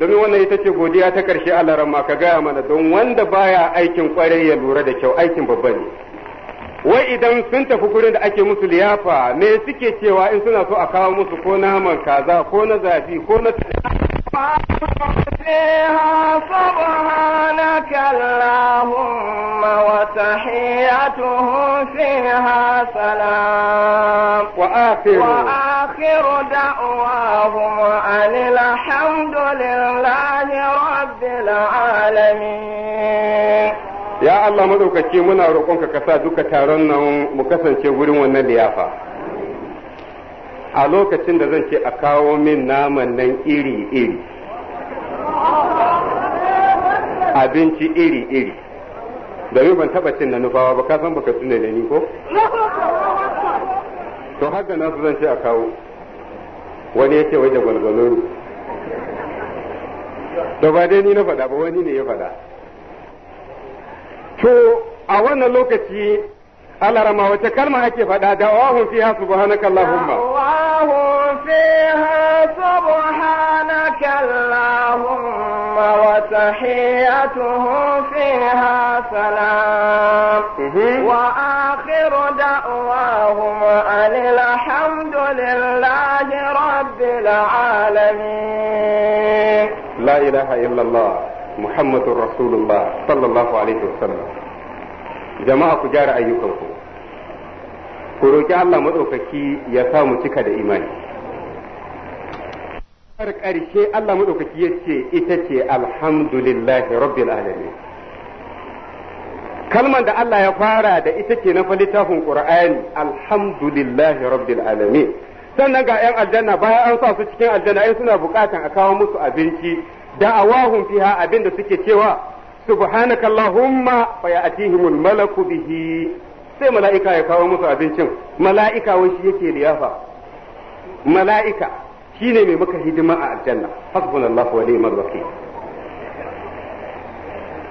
domin wannan ita ce godiya ta ƙarshe Allah ramma ka gaya mana don wanda baya aikin kwarai ya lura da kyau aikin babba ne wai idan sun tafi gurin da ake musu liyafa me suke cewa in suna so a kawo musu ko naman kaza ko na zafi ko na فيها سبحانك اللهم وتحيتهم فيها سلام وآخر, وآخر دعواهم أن الحمد لله رب العالمين ya Allah madaukaki muna roƙonka ka sa duka taron nan mu kasance wurin wannan liyafa a lokacin da zan ce a kawo min naman nan iri-iri abinci iri-iri domin ban taɓa cin nufawa ba ka san baka tuna da ni ko to haka nasu zan ce a kawo wani ya ce waje gwalgwalo to ba dai ni na faɗa ba wani ne ya faɗa to a wannan lokaci Allah rama wace kalma ake faɗa da awahun fiha subhanaka allahumma awahun fiha subhanaka allahumma wa tahiyatuhum fiha salam wa akhiru da'wahum anil hamdulillahi rabbil alamin la ilaha illallah Muhammadur Rasulullah sallallahu alaihi wasallam jama'a ku jara ayyukanku ku roki Allah madaukaki ya sa mu cika da imani har karshe Allah madaukaki ya ce ita ce alhamdulillahi rabbil alamin kalmar da Allah ya fara da ita ce na fa littafin Qur'ani alhamdulillahi rabbil alamin sannan ga ƴan aljanna bayan an sa su cikin aljanna in suna bukatan a kawo musu abinci da'awahum fiha abinda suke cewa subhanaka allahumma fa ya'tihim malaku bihi sai mala'ika ya kawo musu abincin mala'ika wai shi yake liyafa mala'ika shine mai maka hidima a aljanna hasbunallahu wa ni'mal wakeel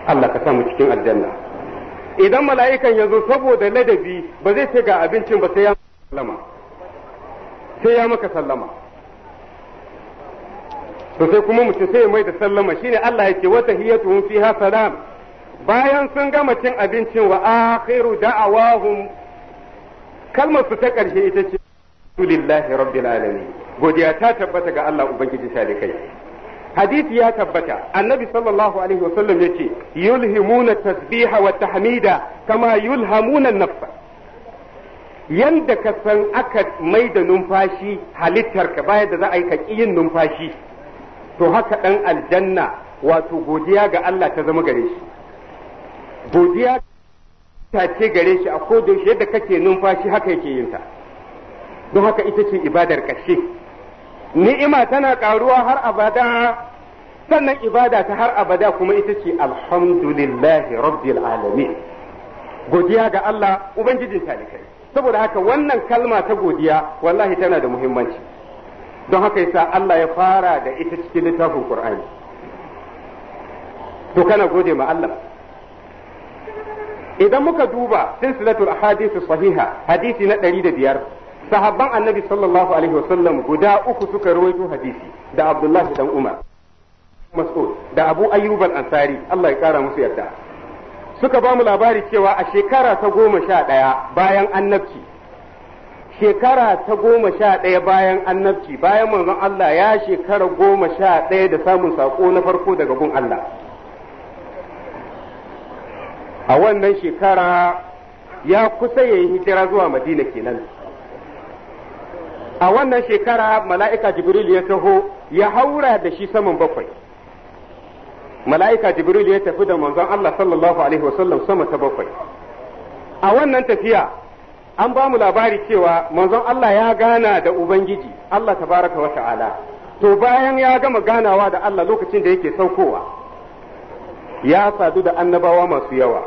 Allah ka samu cikin aljanna idan mala'ikan ya zo saboda ladabi ba zai ce ga abincin ba sai ya sallama sai ya maka sallama to sai kuma mutum sai mai da sallama shine Allah yake wa tahiyatuhum fiha salam bayan sun gama cin abincin wa akhiru da'awahum kalmar su ta karshe ita ce alhamdulillahi rabbil alamin godiya ta tabbata ga Allah ubangiji salikai hadisi ya tabbata annabi sallallahu alaihi wasallam yace yulhimuna tasbiha wa tahmida kama yulhamuna nafsa yanda ka san aka mai da numfashi halittarka bayan da za a yi ka yin numfashi to haka ɗan aljanna wato godiya ga Allah ta zama gare shi godiya ta ce gare shi a kodin shi yadda kake numfashi haka yake yinta ta don haka ita ce ibadar ƙarshe ni'ima tana ƙaruwa har abada sannan ibada ta har abada kuma ita ce alhamdulillahi rabbil alamin godiya ga Allah ubangijin talikai saboda haka wannan kalma ta godiya wallahi tana da muhimmanci don haka yasa Allah ya fara da ita cikin littafin Qur'ani to kana gode ma Allah idan muka duba silsilatul ahadith sahiha hadisi na 105 sahabban annabi sallallahu alaihi wasallam guda uku suka rawaito hadisi da Abdullah dan Umar Mas'ud da Abu Ayyub al-Ansari Allah ya kara musu yarda suka ba mu labari cewa a shekara ta goma sha ɗaya bayan annabci shekara ta goma sha ɗaya bayan annabci bayan manzon Allah ya shekara goma sha ɗaya da samun saƙo na farko daga gun Allah a wannan shekara ya kusa ya yi hijira zuwa madina kenan a wannan shekara mala'ika jibril ya taho ya haura da shi saman bakwai mala'ika jibril ya tafi da manzon Allah sallallahu alaihi wasallam sama ta bakwai a wannan tafiya an ba mu labari cewa manzon Allah ya gana da Ubangiji Allah tabaraka wa ta'ala to bayan ya gama ganawa da Allah lokacin da yake saukowa ya sadu da annabawa masu yawa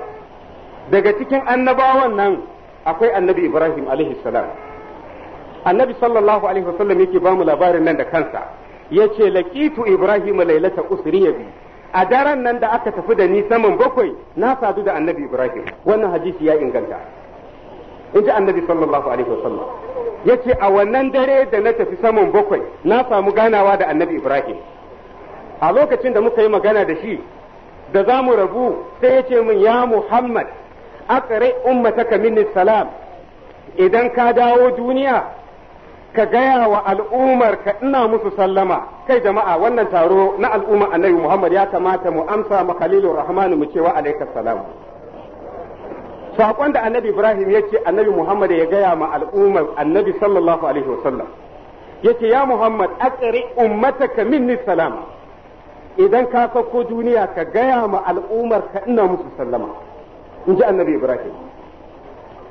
daga cikin annabawan nan akwai annabi Ibrahim alaihi salam annabi sallallahu alaihi wasallam yake ba mu labarin nan da kansa yace laqitu Ibrahim lailata usriya bi a daren nan da aka tafi da ni saman bakwai na sadu da annabi Ibrahim wannan hadisi ya inganta in ji annabi sallallahu alaihi wasallam yace a wannan dare da na tafi saman bakwai na samu ganawa da annabi ibrahim a lokacin da muka yi magana da shi da za mu rabu sai yace ce min ya muhammad akare ummataka minni salam idan ka dawo duniya ka gaya wa al'ummar ka ina musu sallama kai jama'a wannan taro na al'umma annabi muhammad ya kamata mu amsa ma rahmanu mu cewa alaikas salam saƙon da annabi ibrahim ya ce annabi muhammad ya gaya ma al'ummar annabi sallallahu alaihi wasallam ya ce ya muhammad atsari ka minni salama idan ka sauko duniya ka gaya ma al'ummar ka ina musu sallama in ji annabi ibrahim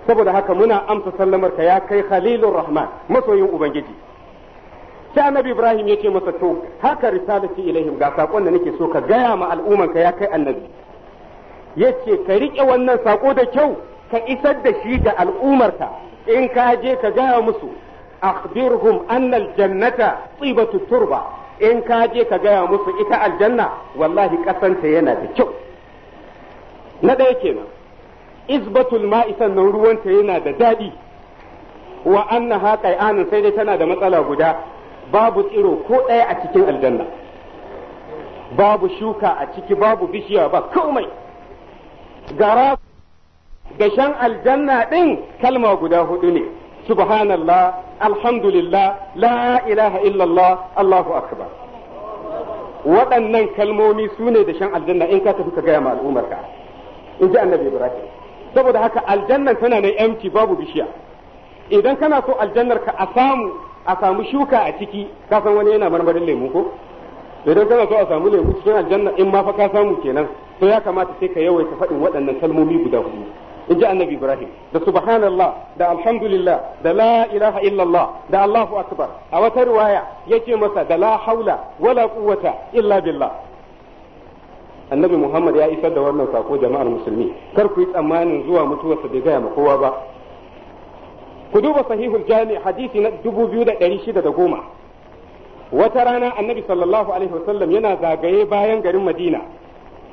saboda haka muna amsa sallamar ka ya kai khalilur rahman masoyin ubangiji sai annabi ibrahim ya ce masa to haka risalati ilaihim ga saƙon da nake so ka gaya ma al'ummar ka ya kai annabi yace ka riƙe wannan sako da kyau ka isar da shi ga al'ummarka in ka je ka gaya musu akhbirhum anna aljannata tibatu turba in ka je ka gaya musu ita aljanna wallahi kasanta yana da kyau na ɗaya kenan izbatul ma'i sannan ruwanta yana da daɗi wa anna ha qai'anin sai dai tana da matsala guda babu tsiro ko ɗaya a cikin aljanna babu shuka a ciki babu bishiya ba komai gara dashen aljanna ɗin kalma guda hudu ne subhanallah alhamdulillah la ilaha illallah allahu akbar waɗannan kalmomi su ne shan aljanna in ka tafi ka gaya ma ka in ji annabi ibrahim saboda haka aljannan tana nan empty babu bishiya idan kana so aljannar ka a samu a samu shuka a ciki ka san wani yana marmarin lemu ko idan kana so a samu lemu cikin aljanna in ma fa ka samu kenan to ya kamata sai ka yawaita faɗin waɗannan kalmomi guda hudu in ji annabi ibrahim da subhanallah da alhamdulillah da la ilaha illallah da allahu akbar a wata riwaya yake masa da la haula wala quwwata illa billah annabi muhammad ya isar da wannan sako jama'ar musulmi kar ku yi tsammanin zuwa mutuwarsa bai gaya ma kowa ba ku duba sahihul jami hadisi na da goma. wata rana annabi sallallahu alaihi wasallam yana zagaye bayan garin madina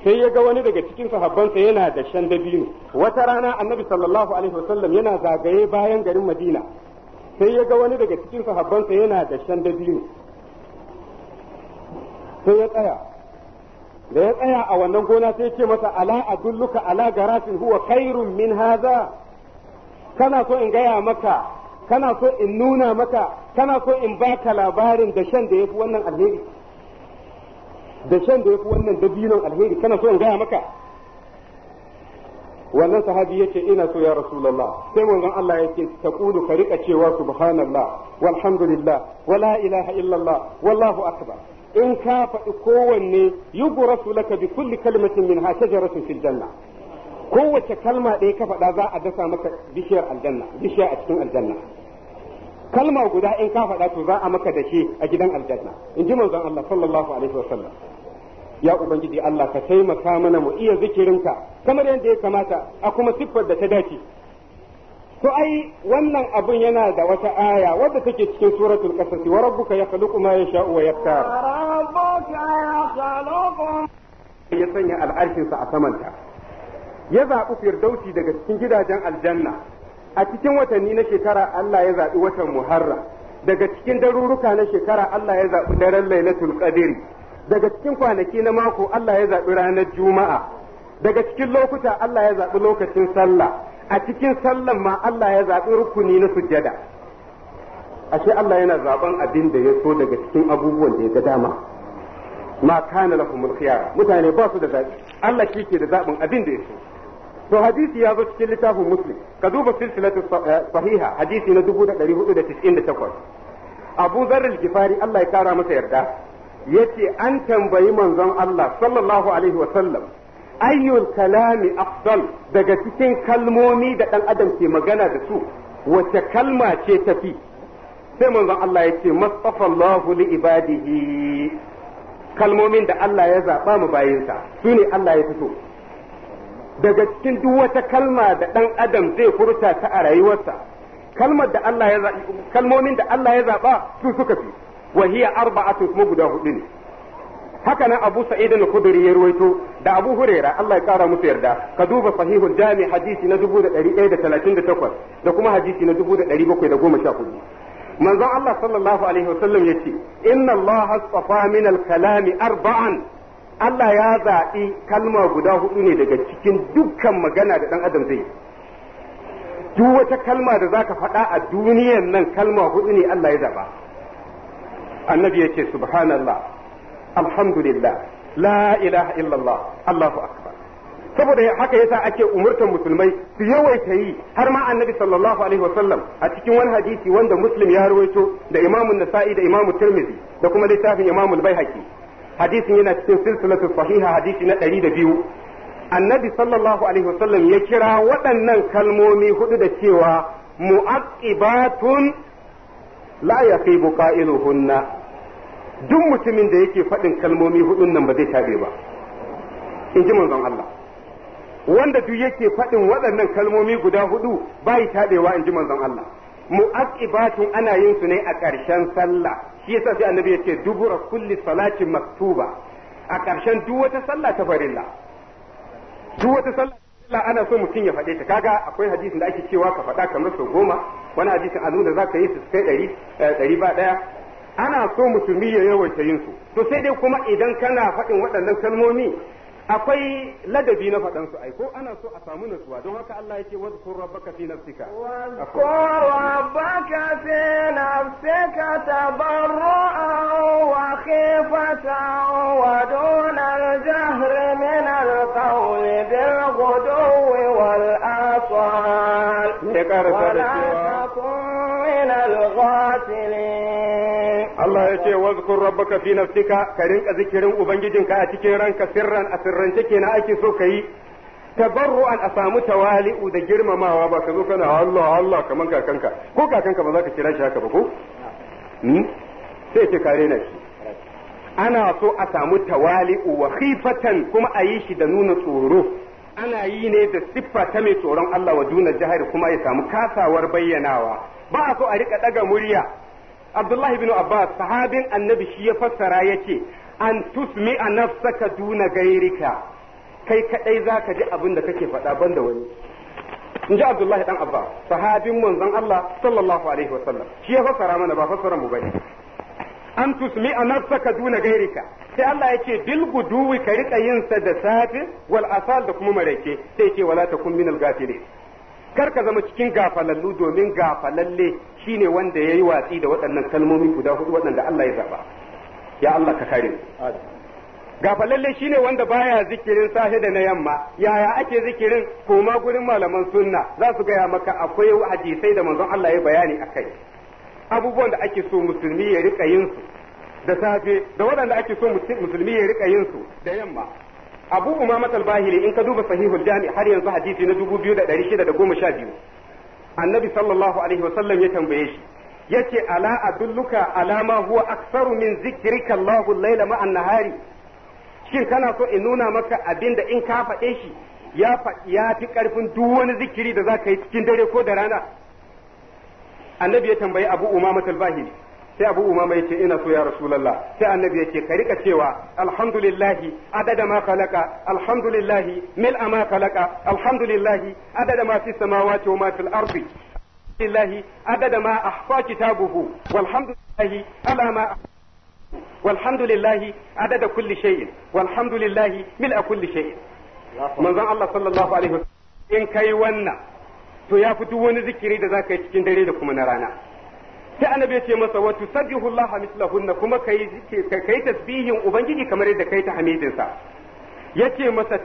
sai ya ga wani daga cikin sahabbansa yana da shan dabino wata rana annabi sallallahu alaihi wasallam yana zagaye bayan garin madina sai ya ga wani daga cikin sahabbansa yana da shan dabino sai ya tsaya da ya tsaya a wannan gona sai ya ce masa ala adulluka ala garasin huwa khairun min haza kana so in gaya maka kana so in nuna maka kana so in baka labarin da shan da yafi wannan alheri da shan da ya fi wannan dabinon alheri kana so in gaya maka wannan sahabi ce ina so ya rasulullah sai manzon Allah ya ce ta kulu ka rika cewa subhanallah walhamdulillah wala ilaha illallah wallahu akbar in ka faɗi kowanne yughrasu laka bi kulli kalimatin minha shajaratun fil janna kowace kalma ɗaya ka faɗa za a dasa maka bishiyar aljanna bishiya a cikin aljanna kalma guda in ka faɗa to za a maka da shi a gidan aljanna in ji manzon Allah sallallahu alaihi wasallam ya ubangiji Allah ka taimaka mana mu iya zikirinka kamar yadda ya kamata a kuma siffar da ta dace to ai wannan abun yana da wata aya wanda take cikin suratul qasas wa rabbuka yakhluqu ma yasha'u wa yaktar ya sanya sa a samanta ya zaɓi firdausi daga cikin gidajen aljanna a cikin watanni na shekara Allah ya zaɓi watan muharram daga cikin daruruka na shekara Allah ya zabi daren lailatul qadri daga cikin kwanaki na mako Allah ya zaɓi ranar juma'a daga cikin lokuta Allah ya zaɓi lokacin sallah a cikin sallan ma Allah ya zaɓi rukuni na sujjada ashe Allah yana zaɓan abin da ya so daga cikin abubuwan da ya ga dama ma kana lahumul khiyara mutane ba su da zaɓi Allah shi ke da zaɓin abin da ya so to hadisi ya zo cikin littafin muslim ka duba silsilatu eh, sahiha hadisi na 1498 Abu Dharr Gifari Allah ya kara masa yarda yace an tambayi manzon Allah sallallahu alaihi wa sallam ayyul kalami afdal daga cikin kalmomi da dan adam ke magana da su wace kalma ce tafi sai manzon Allah yace mastafallahu li ibadihi kalmomin da Allah ya zaba mu bayinsa sune Allah ya fito daga cikin duk wata kalma da dan adam zai furta ta a rayuwarsa kalmar da Allah ya kalmomin da Allah ya zaba su suka fi Wahiya hiya kuma guda hudu ne haka nan Abu Sa'id al-Khudri ya ruwaito da Abu Huraira Allah ya kara musu yarda ka duba sahihul jami hadisi na 1138 da kuma hadisi na 1714 manzon Allah sallallahu alaihi wasallam yace inna Allah astafa al-kalami arba'an Allah ya zaɓi kalma guda hudu ne daga cikin dukkan magana da ɗan adam zai duk wata kalma da za ka faɗa a duniyar nan kalma hudu ne Allah ya zaɓa annabi yace subhanallah alhamdulillah la ilaha illallah allahu akbar saboda haka yasa ake umurtar musulmai su yawaita yi har ma annabi sallallahu alaihi wasallam a cikin wani hadisi wanda muslim ya rawaito da imamun nasa'i da imamu tirmidhi da kuma littafin imamu al-baihaqi hadisin yana cikin silsilatu sahiha hadisi na 102 annabi sallallahu alaihi wasallam ya kira waɗannan kalmomi hudu da cewa mu'aqibatun la yaqibu qailuhunna duk mutumin da yake faɗin kalmomi hudun nan ba zai tabe ba in ji manzon Allah wanda duk yake faɗin waɗannan kalmomi guda hudu yi tabewa in ji manzon Allah mu'aqibatun ana yin su ne a ƙarshen sallah shi yasa sai annabi yace dubura kulli salati maktuba a ƙarshen duk wata sallah ta farilla duk wata sallah ana so mutum ya faɗe ta kaga akwai hadisin da ake cewa ka faɗa kamar sau goma wani hadisin a da za ka yi su kai ɗari eh, ɗari ba ɗaya ana so musulmi ya yawaita yin su to sai dai kuma idan kana faɗin waɗannan kalmomi akwai ladabi na faɗan su ai ko ana so a samu nutsuwa don haka Allah yake wa zkur rabbaka fi nafsika wa rabbaka fi nafsika tabarru'an wa khifata wa duna al-jahr Allah ya ce wazkur rabbaka fi nafsika ka rinka zikirin ubangijinka a cikin ranka sirran a sirrance kenan ake so ka yi tabarru'an a samu tawali'u da girmamawa ba ka zo kana Allah Allah kaman kakanka ko kakanka ba za ka kira shi haka ba ko hmm? sai ce kare na shi ana so a samu tawali'u wa khifatan kuma a yi shi da nuna tsoro ana yi ne da siffa ta mai tsoron Allah wa duna jihar kuma ya samu kasawar bayyanawa ba a so a rika daga murya Abdullahi bin Abbas sahabin annabi shi ya fassara ce an tusmi a nafsaka duna gairika kai kaɗai za ka ji abin da kake faɗa banda wani in ji Abdullahi dan Abba sahabin manzon Allah sallallahu alaihi wasallam shi ya fassara mana ba fassara mu bane an tusmi a nafsaka duna gairika sai Allah ya ce bil guduwi ka rika yinsa da safe wal asal da kuma mareke sai ce wala takun minal gafilin kar ka zama cikin gafalallu domin gafalalle shine wanda yi watsi da waɗannan kalmomi guda hudu waɗanda Allah ya zaba ya Allah ka kare gafalalle shine wanda baya zikirin safe da na yamma yaya ake zikirin koma gurin malaman sunna za su gaya maka akwai hadisai da manzon Allah ya bayani akai abubuwan da ake so musulmi ya rika yin da safe da waɗanda ake so musulmi ya rika yin da yamma abu umama talbahili in ka duba sahihul jami har yanzu hadisi na 2612 annabi sallallahu alaihi wasallam ya tambaye shi yace ala adulluka ala ma huwa aktsaru min zikrika Allahu al-laila ma an-nahari shin kana so in nuna maka abinda in ka faɗe shi ya ya fi karfin duk wani zikiri da zaka yi cikin dare ko da rana annabi ya tambayi abu umama talbahili sai abu umama yace ina so ya rasulallah sai annabi yace ka rika cewa alhamdulillahi adada ma khalaqa alhamdulillahi mil'a ma khalaqa alhamdulillahi adada ma fi samawati wa ma fil ardi alhamdulillahi adada ma ahfa kitabuhu walhamdulillahi ala ma والحمد لله عدد كل شيء والحمد لله ملء كل شيء manzon Allah sallallahu alaihi wasallam in kai wannan to ya fito wani zikiri da zaka yi cikin dare da kuma na rana sai annabi ya ce masa wa tusabbihu Allah mislahunna kuma kai kai tasbihin ubangiji kamar yadda kai ta hamidin sa yace masa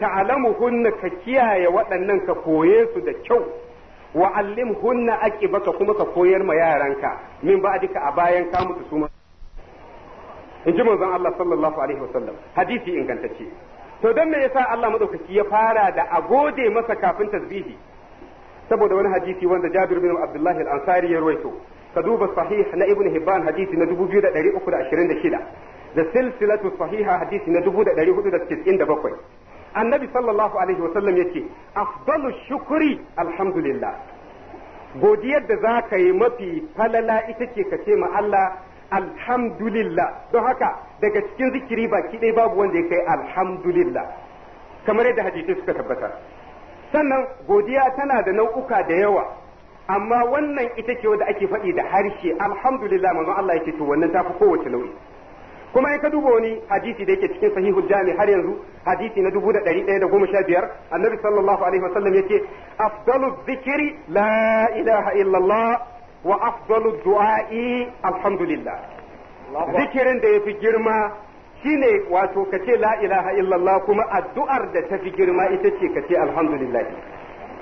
hunna ka kiyaye waɗannan ka koye su da kyau wa hunna aqibaka kuma ka koyar ma yaranka min ba'dika a bayan ka mutu su in ji manzon Allah sallallahu alaihi wasallam hadisi ingantacce to dan me yasa Allah madaukaki ya fara da a gode masa kafin tasbihi saboda wani hadisi wanda Jabir bin Abdullah al-Ansari ya ruwaito ka duba sahih na ibn hibban hadisi na 2326 da silsilatu sahiha hadisi na 1497 annabi sallallahu alaihi wasallam yace afdalu shukri alhamdulillah godiyar da za ka yi mafi falala ita ce ka ce ma Allah alhamdulillah don haka daga cikin zikiri baki ɗaya babu wanda ya kai alhamdulillah kamar yadda hadisi suka tabbatar sannan godiya tana da nau'uka da yawa amma wannan ita ce wadda ake faɗi da harshe alhamdulillah manzo Allah yake to wannan fi kowace nau'i kuma in ka duba wani hadisi da yake cikin sahihul jami har yanzu hadisi na 1115 annabi sallallahu alaihi wasallam yake afdalu zikiri la ilaha illallah wa afdalu du'a'i alhamdulillah zikirin da yafi girma shine wato kace la ilaha illallah kuma addu'ar da tafi girma ita ce kace alhamdulillah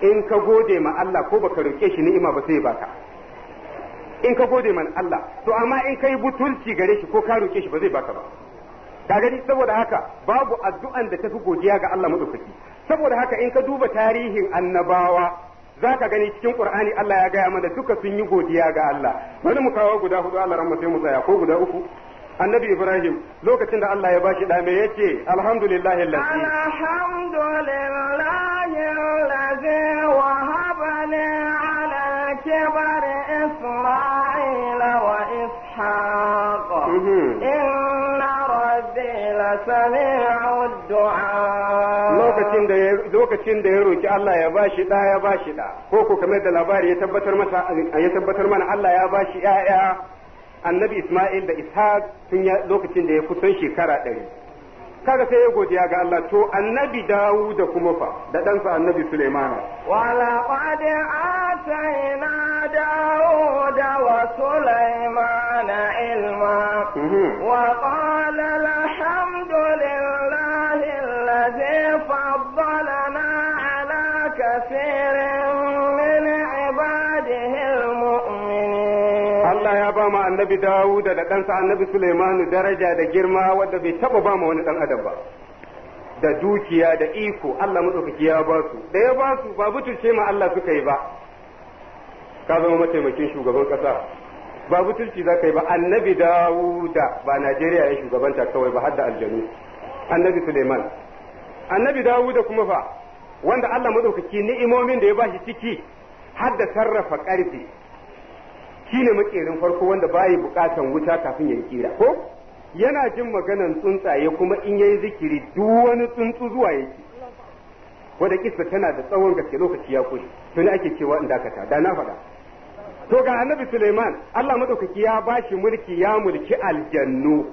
in ka gode ma Allah ko baka roke shi ni'ima ba sai baka in ka gode man Allah to amma in kai butulci gare shi ko ka roke shi ba zai baka ba ka gani saboda haka babu addu'an da tafi godiya ga Allah madaukaki saboda haka in ka duba tarihin annabawa zaka gani cikin Qur'ani Allah ya gaya mana duka sun yi godiya ga Allah wani mu kawo guda hudu Allah rahma sai mu tsaya ko guda uku annabi ibrahim lokacin da Allah ya bashi da me yace alhamdulillahi allazi alhamdulillahi allazi wa haba li ala kibar Isma'il wa ishaq mhm. inna rabbi lasami'ud du'a lokacin da lokacin da ya roki Allah ya bashi da ya bashi da ko ko kamar da labari ya tabbatar masa ya tabbatar mana Allah ya bashi ya'ya annabi Ismail da Ishaq tun ya lokacin da ya kusan shekara ɗari kaga sai ya godiya ga Allah to annabi Dawud da kuma fa da ɗansa annabi Sulaimana wala qad atayna Dawud wa annabi Dawuda da ɗansa annabi Suleiman daraja da girma wadda bai taɓa ba ma wani ɗan adam ba da dukiya da iko Allah maɗaukaki ya ba su da ya ba su ba butulce ma Allah suka yi ba ka zama mataimakin shugaban ƙasa ba butulci za ka yi ba annabi Dawuda ba Najeriya ya shugabanta kawai ba har da aljanu annabi Suleiman annabi Dawuda kuma fa wanda Allah maɗaukaki ni'imomin da ya ba shi ciki har da sarrafa ƙarfi Shi ne makerin farko wanda ba bayi bukatan wuta kafin ya kira ko yana jin maganan tsuntsaye kuma in yayi zikiri duk wani tsuntsu zuwa yake wanda kisa tana da tsawon gaske lokaci ya kure tuni ake cewa in dakata da na faɗa to ga annabi Suleiman Allah madaukaki ya bashi mulki ya mulki aljannu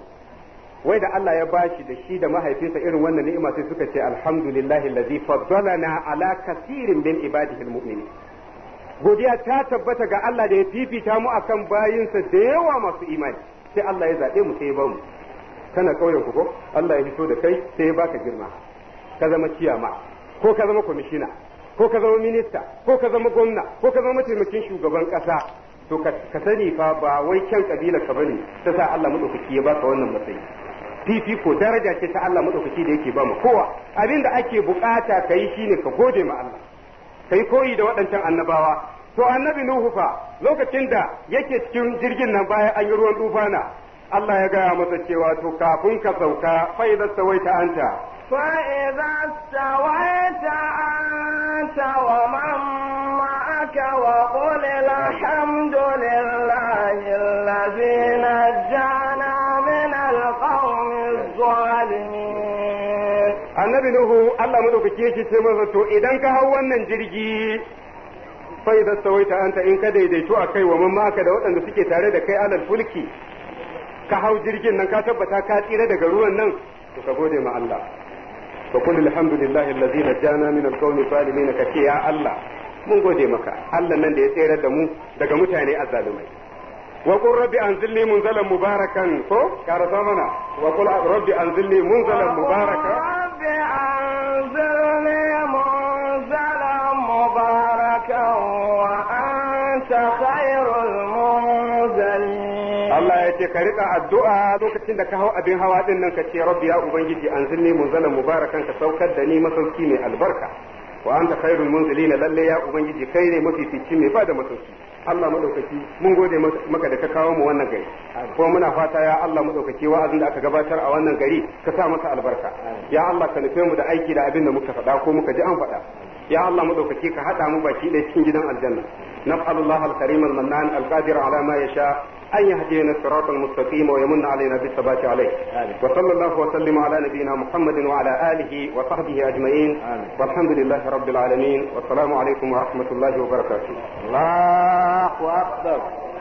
wai da Allah ya bashi da shi da mahaifinsa irin wannan ni'ima sai suka ce alhamdulillahi allazi faddalana ala kasirin min ibadihi almu'minin godiya ta tabbata ga Allah da ya fifita mu akan bayinsa da yawa masu imani sai Allah ya zaɓe mu sai ya bamu kana kauyen ku ko Allah ya fito da kai sai ya baka girma ka zama ciyama ko ka zama kwamishina ko ka zama minista ko ka zama gwamna ko ka zama mataimakin shugaban ƙasa to ka sani fa ba wai kan kabilar ka bane ta sa Allah madaukaki ya baka wannan matsayi fifiko daraja ce ta Allah madaukaki da yake ba mu kowa abinda ake bukata kai shine ka gode ma Allah yi koyi da waɗancan annabawa to annabi nuhu fa lokacin da yake cikin jirgin nan bayan an yi ruwan tufana Allah ya gaya masa cewa to kafin ka sauka fa idza sawaita anta fa idza sawaita anta wa man wa sake shi ce masa to idan ka hau wannan jirgi fa idza ta anta in ka daidaito a kai wa mamma maka da waɗanda suke tare da kai alal fulki ka hau jirgin nan ka tabbata ka tsira daga ruwan nan to ka gode ma Allah fa qul alhamdulillahi allazi najjana min alqawmi salimin ka ce ya Allah mun gode maka Allah nan da ya tsere da mu daga mutane azzalumai wa qul rabbi anzilni munzalan mubarakan ko ka rasa mana wa qul rabbi anzilni munzalan mubarakan ka rika addu'a lokacin da ka hau abin hawa din nan ka ce rabbi ya ubangiji anzilni munzalan mubarakan ka saukar da ni masauki mai albarka wa anta khairul munzilina lalle ya ubangiji kai ne mafifici mai bada masauki Allah madaukaki mun gode maka da ka kawo mu wannan gari ko muna fata ya Allah madaukaki wa'azin da aka gabatar a wannan gari ka sa masa albarka ya Allah ka nufe mu da aiki da abin da muka faɗa ko muka ji an faɗa ya Allah madaukaki ka haɗa mu baki ɗaya cikin gidan aljanna نسأل الله الكريم المنان القادر على ما يشاء أن يهدينا الصراط المستقيم ويمن علينا بالثبات عليه آمين. وصلى الله وسلم على نبينا محمد وعلى آله وصحبه أجمعين آمين. والحمد لله رب العالمين والسلام عليكم ورحمة الله وبركاته الله أكبر